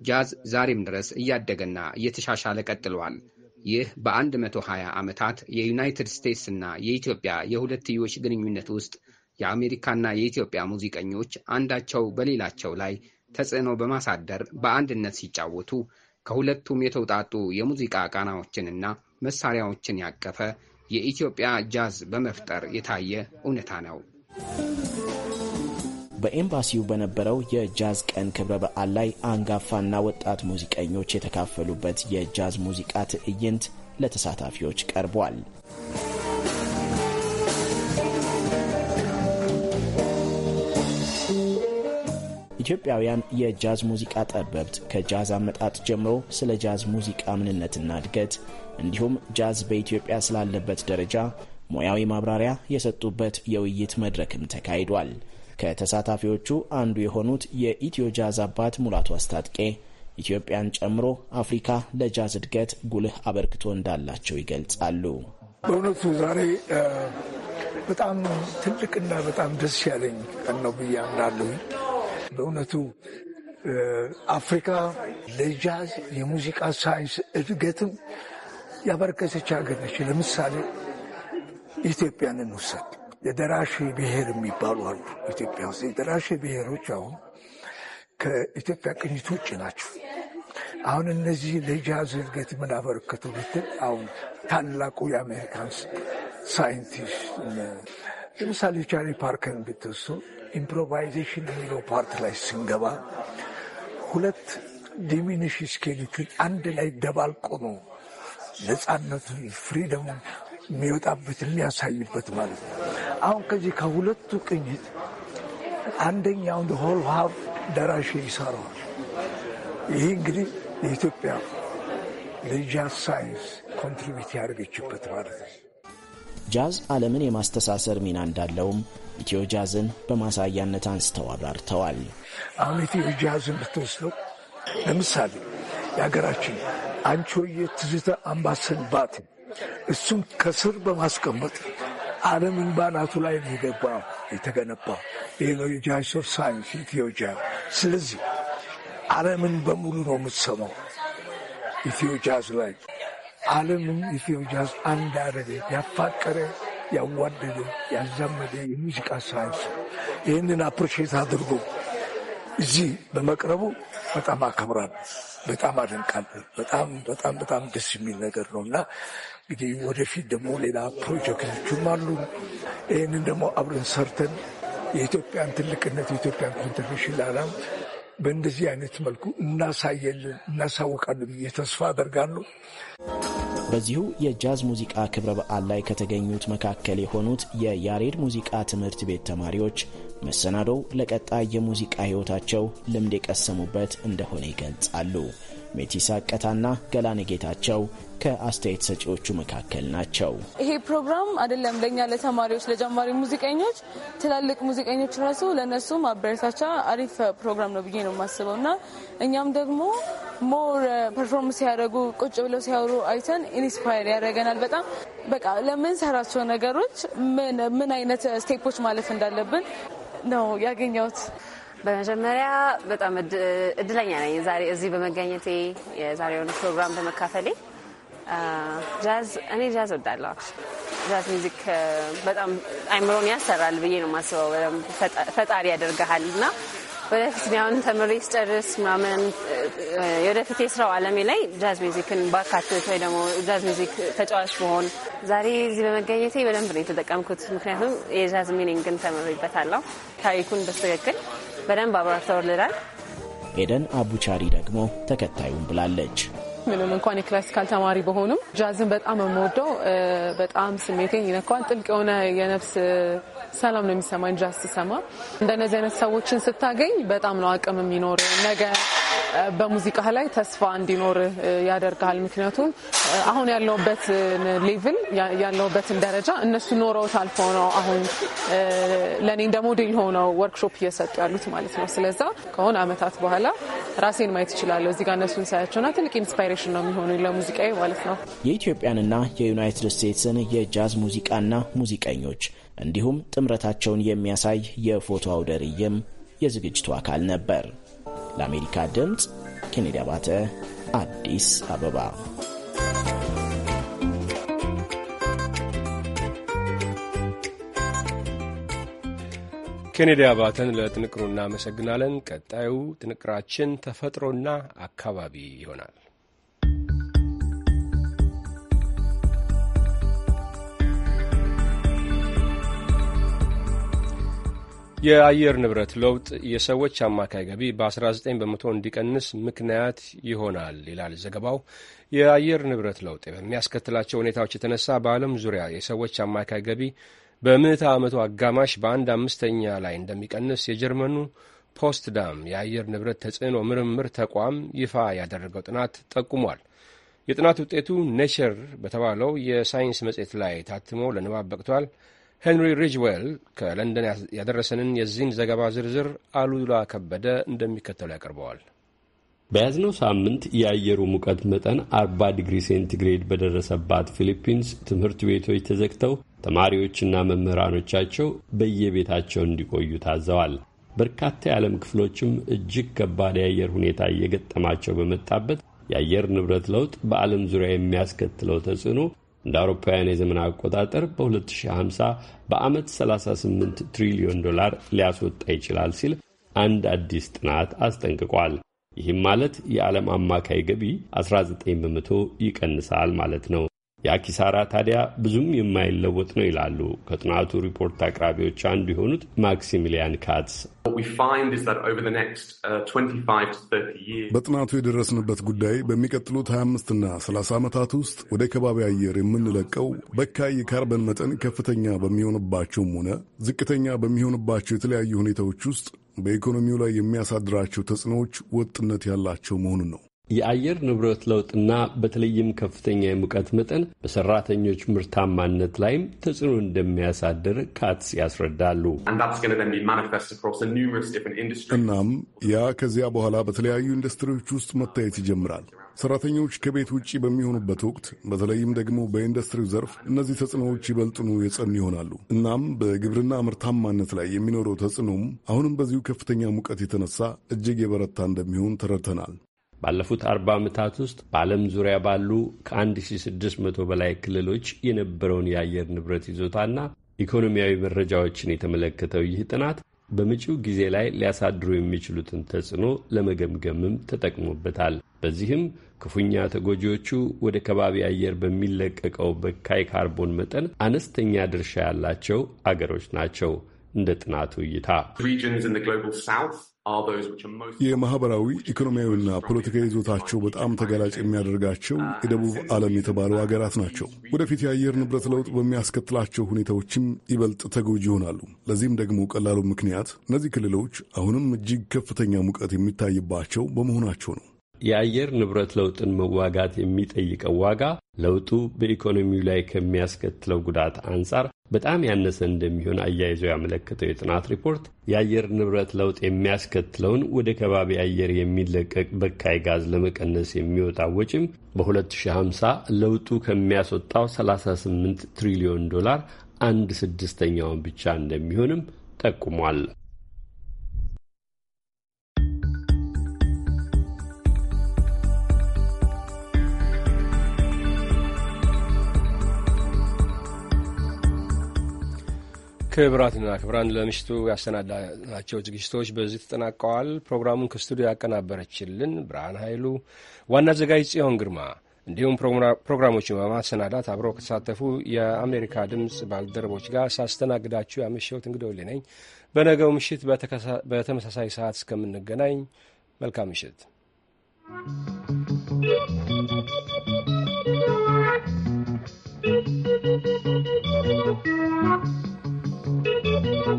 ጃዝ ዛሬም ድረስ እያደገና እየተሻሻለ ቀጥሏል። ይህ በ120 ዓመታት የዩናይትድ ስቴትስ እና የኢትዮጵያ የሁለትዮሽ ግንኙነት ውስጥ የአሜሪካና የኢትዮጵያ ሙዚቀኞች አንዳቸው በሌላቸው ላይ ተጽዕኖ በማሳደር በአንድነት ሲጫወቱ ከሁለቱም የተውጣጡ የሙዚቃ ቃናዎችንና መሳሪያዎችን ያቀፈ የኢትዮጵያ ጃዝ በመፍጠር የታየ እውነታ ነው። በኤምባሲው በነበረው የጃዝ ቀን ክብረ በዓል ላይ አንጋፋና ወጣት ሙዚቀኞች የተካፈሉበት የጃዝ ሙዚቃ ትዕይንት ለተሳታፊዎች ቀርቧል። ኢትዮጵያውያን የጃዝ ሙዚቃ ጠበብት ከጃዝ አመጣጥ ጀምሮ ስለ ጃዝ ሙዚቃ ምንነትና እድገት እንዲሁም ጃዝ በኢትዮጵያ ስላለበት ደረጃ ሙያዊ ማብራሪያ የሰጡበት የውይይት መድረክም ተካሂዷል። ከተሳታፊዎቹ አንዱ የሆኑት የኢትዮ ጃዝ አባት ሙላቱ አስታጥቄ ኢትዮጵያን ጨምሮ አፍሪካ ለጃዝ እድገት ጉልህ አበርክቶ እንዳላቸው ይገልጻሉ። በእውነቱ ዛሬ በጣም ትልቅና በጣም ደስ ያለኝ ቀን ነው ብዬ አምናለሁ። በእውነቱ አፍሪካ ለጃዝ የሙዚቃ ሳይንስ እድገትም ያበረከተች ሀገር ነች። ለምሳሌ ኢትዮጵያን እንውሰድ። የደራሽ ብሔር የሚባሉ አሉ። ኢትዮጵያ ውስጥ የደራሽ ብሔሮች አሁን ከኢትዮጵያ ቅኝት ውጭ ናቸው። አሁን እነዚህ ለጃዝ እድገት ምን አበረከቱ ብትል አሁን ታላቁ የአሜሪካን ሳይንቲስት ለምሳሌ ቻሪ ፓርከርን ብትወስድ ኢምፕሮቫይዜሽን የሚለው ፓርት ላይ ስንገባ ሁለት ዲሚኒሽ ስኬሎቹን አንድ ላይ ደባልቆ ነው ነፃነቱን ፍሪደሙን የሚወጣበት የሚያሳይበት ማለት ነው። አሁን ከዚህ ከሁለቱ ቅኝት አንደኛውን ሆል ሀብ ደራሽ ይሰራዋል። ይህ እንግዲህ የኢትዮጵያ ለጃዝ ሳይንስ ኮንትሪቢት ያደርገችበት ማለት ነው። ጃዝ ዓለምን የማስተሳሰር ሚና እንዳለውም ኢትዮ ጃዝን በማሳያነት አንስተው አብራርተዋል። አሁን ኢትዮ ጃዝን ብትወስደው ለምሳሌ የሀገራችን አንቺሆዬ ትዝታ አምባሰል ባት እሱም ከስር በማስቀመጥ ዓለምን ባናቱ ላይ የገባ የተገነባ ይህ ነው የጃዝ ኦፍ ሳይንስ ኢትዮ ጃዝ። ስለዚህ ዓለምን በሙሉ ነው የምትሰማው ኢትዮ ጃዝ ላይ ዓለምን ኢትዮ ጃዝ አንድ አረገ ያፋቀረ ያዋደደ ያዛመደ የሙዚቃ ሳይንስ ይህንን አፕሪሼት አድርጎ እዚህ በመቅረቡ በጣም አከብራል፣ በጣም አደንቃል። በጣም በጣም በጣም ደስ የሚል ነገር ነው እና እንግዲህ ወደፊት ደግሞ ሌላ ፕሮጀክቶችም አሉ። ይህንን ደግሞ አብረን ሰርተን የኢትዮጵያን ትልቅነት የኢትዮጵያን ኮንትሪቢሽን ላላም በእንደዚህ አይነት መልኩ እናሳየልን እናሳውቃለን ብዬ ተስፋ አደርጋለሁ። በዚሁ የጃዝ ሙዚቃ ክብረ በዓል ላይ ከተገኙት መካከል የሆኑት የያሬድ ሙዚቃ ትምህርት ቤት ተማሪዎች መሰናዶው ለቀጣይ የሙዚቃ ሕይወታቸው ልምድ የቀሰሙበት እንደሆነ ይገልጻሉ። ሜቲሳ ቀታና ገላኔ ጌታቸው ከአስተያየት ሰጪዎቹ መካከል ናቸው። ይሄ ፕሮግራም አይደለም ለእኛ ለተማሪዎች ለጀማሪ ሙዚቀኞች፣ ትላልቅ ሙዚቀኞች ራሱ ለእነሱ ማበረታቻ አሪፍ ፕሮግራም ነው ብዬ ነው የማስበው እና እኛም ደግሞ ሞር ፐርፎርም ሲያደርጉ ቁጭ ብለው ሲያወሩ አይተን ኢንስፓየር ያደረገናል። በጣም በቃ ለምንሰራቸው ነገሮች ምን አይነት ስቴፖች ማለፍ እንዳለብን ነው ያገኘሁት። በመጀመሪያ በጣም እድለኛ ነኝ ዛሬ እዚህ በመገኘቴ የዛሬውን ፕሮግራም በመካፈሌ። ጃዝ እኔ ጃዝ ወዳለሁ። ጃዝ ሚዚክ በጣም አይምሮን ያሰራል ብዬ ነው የማስበው። ፈጣሪ ያደርግሃል እና ወደፊት አሁን ተምሬ ስጨርስ ምናምን የወደፊት የስራው አለሜ ላይ ጃዝ ሚዚክን ባካትት ወይ ደግሞ ጃዝ ሚዚክ ተጫዋች መሆን ዛሬ እዚህ በመገኘቴ በደንብ ነው የተጠቀምኩት። ምክንያቱም የጃዝ ሚኒንግን ተምሬበታለሁ ታሪኩን በስተክክል በደንብ አብራርተውልናል። ኤደን አቡቻሪ ደግሞ ተከታዩም ብላለች። ምንም እንኳን የክላሲካል ተማሪ በሆንም ጃዝን በጣም የምወደው በጣም ስሜቴን ይነካዋል። ጥልቅ የሆነ የነፍስ ሰላም ነው የሚሰማኝ ጃዝ ስሰማ። እንደነዚህ አይነት ሰዎችን ስታገኝ በጣም ነው አቅም የሚኖር ነገር በሙዚቃ ላይ ተስፋ እንዲኖር ያደርጋል ምክንያቱም አሁን ያለውበትን ሌቭል ያለውበትን ደረጃ እነሱ ኖረውት አልፎ ነው አሁን ለእኔ እንደ ሞዴል ሆነው ወርክሾፕ እየሰጡ ያሉት ማለት ነው። ስለዛ ከሆነ አመታት በኋላ ራሴን ማየት እችላለሁ እዚህ ጋር እነሱን ሳያቸውና ትልቅ ኢንስፓይሬሽን ነው የሚሆኑ ለሙዚቃ ማለት ነው። የኢትዮጵያንና የዩናይትድ ስቴትስን የጃዝ ሙዚቃና ሙዚቀኞች እንዲሁም ጥምረታቸውን የሚያሳይ የፎቶ አውደ ርዕይም የዝግጅቱ አካል ነበር። ለአሜሪካ ድምፅ ኬኔዲ አባተ አዲስ አበባ። ኬኔዲ አባተን ለጥንቅሩ እናመሰግናለን። ቀጣዩ ጥንቅራችን ተፈጥሮና አካባቢ ይሆናል። የአየር ንብረት ለውጥ የሰዎች አማካይ ገቢ በ19 በመቶ እንዲቀንስ ምክንያት ይሆናል ይላል ዘገባው። የአየር ንብረት ለውጥ በሚያስከትላቸው ሁኔታዎች የተነሳ በዓለም ዙሪያ የሰዎች አማካይ ገቢ በምዕተ ዓመቱ አጋማሽ በአንድ አምስተኛ ላይ እንደሚቀንስ የጀርመኑ ፖስትዳም የአየር ንብረት ተጽዕኖ ምርምር ተቋም ይፋ ያደረገው ጥናት ጠቁሟል። የጥናት ውጤቱ ኔቸር በተባለው የሳይንስ መጽሔት ላይ ታትሞ ለንባብ በቅቷል። ሄንሪ ሪጅዌል ከለንደን ያደረሰንን የዚህን ዘገባ ዝርዝር አሉላ ከበደ እንደሚከተሉ ያቀርበዋል። በያዝነው ሳምንት የአየሩ ሙቀት መጠን 40 ዲግሪ ሴንቲግሬድ በደረሰባት ፊሊፒንስ ትምህርት ቤቶች ተዘግተው ተማሪዎችና መምህራኖቻቸው በየቤታቸው እንዲቆዩ ታዘዋል። በርካታ የዓለም ክፍሎችም እጅግ ከባድ የአየር ሁኔታ እየገጠማቸው በመጣበት የአየር ንብረት ለውጥ በዓለም ዙሪያ የሚያስከትለው ተጽዕኖ እንደ አውሮፓውያን የዘመን አቆጣጠር በ2050 በዓመት 38 ትሪሊዮን ዶላር ሊያስወጣ ይችላል ሲል አንድ አዲስ ጥናት አስጠንቅቋል። ይህም ማለት የዓለም አማካይ ገቢ 19 በመቶ ይቀንሳል ማለት ነው። ያ ኪሳራ ታዲያ ብዙም የማይለወጥ ነው ይላሉ ከጥናቱ ሪፖርት አቅራቢዎች አንዱ የሆኑት ማክሲሚሊያን ካትስ። uh, በጥናቱ የደረስንበት ጉዳይ በሚቀጥሉት 25ና 30 ዓመታት ውስጥ ወደ ከባቢ አየር የምንለቀው በካይ የካርበን መጠን ከፍተኛ በሚሆንባቸውም ሆነ ዝቅተኛ በሚሆንባቸው የተለያዩ ሁኔታዎች ውስጥ በኢኮኖሚው ላይ የሚያሳድራቸው ተጽዕኖዎች ወጥነት ያላቸው መሆኑን ነው። የአየር ንብረት ለውጥና በተለይም ከፍተኛ የሙቀት መጠን በሰራተኞች ምርታማነት ላይም ተጽዕኖ እንደሚያሳድር ካትስ ያስረዳሉ። እናም ያ ከዚያ በኋላ በተለያዩ ኢንዱስትሪዎች ውስጥ መታየት ይጀምራል። ሰራተኞች ከቤት ውጭ በሚሆኑበት ወቅት በተለይም ደግሞ በኢንዱስትሪው ዘርፍ እነዚህ ተጽዕኖዎች ይበልጥኑ የጸኑ ይሆናሉ። እናም በግብርና ምርታማነት ላይ የሚኖረው ተጽዕኖም አሁንም በዚሁ ከፍተኛ ሙቀት የተነሳ እጅግ የበረታ እንደሚሆን ተረድተናል። ባለፉት አርባ ዓመታት ውስጥ በዓለም ዙሪያ ባሉ ከ1600 በላይ ክልሎች የነበረውን የአየር ንብረት ይዞታና ኢኮኖሚያዊ መረጃዎችን የተመለከተው ይህ ጥናት በመጪው ጊዜ ላይ ሊያሳድሩ የሚችሉትን ተጽዕኖ ለመገምገምም ተጠቅሞበታል። በዚህም ክፉኛ ተጎጂዎቹ ወደ ከባቢ አየር በሚለቀቀው በካይ ካርቦን መጠን አነስተኛ ድርሻ ያላቸው አገሮች ናቸው። እንደ ጥናቱ እይታ የማህበራዊ ኢኮኖሚያዊና ፖለቲካዊ ይዞታቸው በጣም ተጋላጭ የሚያደርጋቸው uh, የደቡብ ዓለም የተባሉ ሀገራት ናቸው። ወደፊት የአየር ንብረት ለውጥ በሚያስከትላቸው ሁኔታዎችም ይበልጥ ተጎጂ ይሆናሉ። ለዚህም ደግሞ ቀላሉ ምክንያት እነዚህ ክልሎች አሁንም እጅግ ከፍተኛ ሙቀት የሚታይባቸው በመሆናቸው ነው። የአየር ንብረት ለውጥን መዋጋት የሚጠይቀው ዋጋ ለውጡ በኢኮኖሚው ላይ ከሚያስከትለው ጉዳት አንጻር በጣም ያነሰ እንደሚሆን አያይዞ ያመለከተው የጥናት ሪፖርት የአየር ንብረት ለውጥ የሚያስከትለውን ወደ ከባቢ አየር የሚለቀቅ በካይ ጋዝ ለመቀነስ የሚወጣ ወጪም በ2050 ለውጡ ከሚያስወጣው 38 ትሪሊዮን ዶላር አንድ ስድስተኛውን ብቻ እንደሚሆንም ጠቁሟል። ክብራትና ክብራን ለምሽቱ ያሰናዳናቸው ዝግጅቶች በዚህ ተጠናቀዋል። ፕሮግራሙን ከስቱዲዮ ያቀናበረችልን ብርሃን ኃይሉ፣ ዋና አዘጋጅ ጽዮን ግርማ እንዲሁም ፕሮግራሞችን በማሰናዳት አብረው ከተሳተፉ የአሜሪካ ድምፅ ባልደረቦች ጋር ሳስተናግዳችሁ ያመሸሁት እንግዲህ ነኝ። በነገው ምሽት በተመሳሳይ ሰዓት እስከምንገናኝ መልካም ምሽት።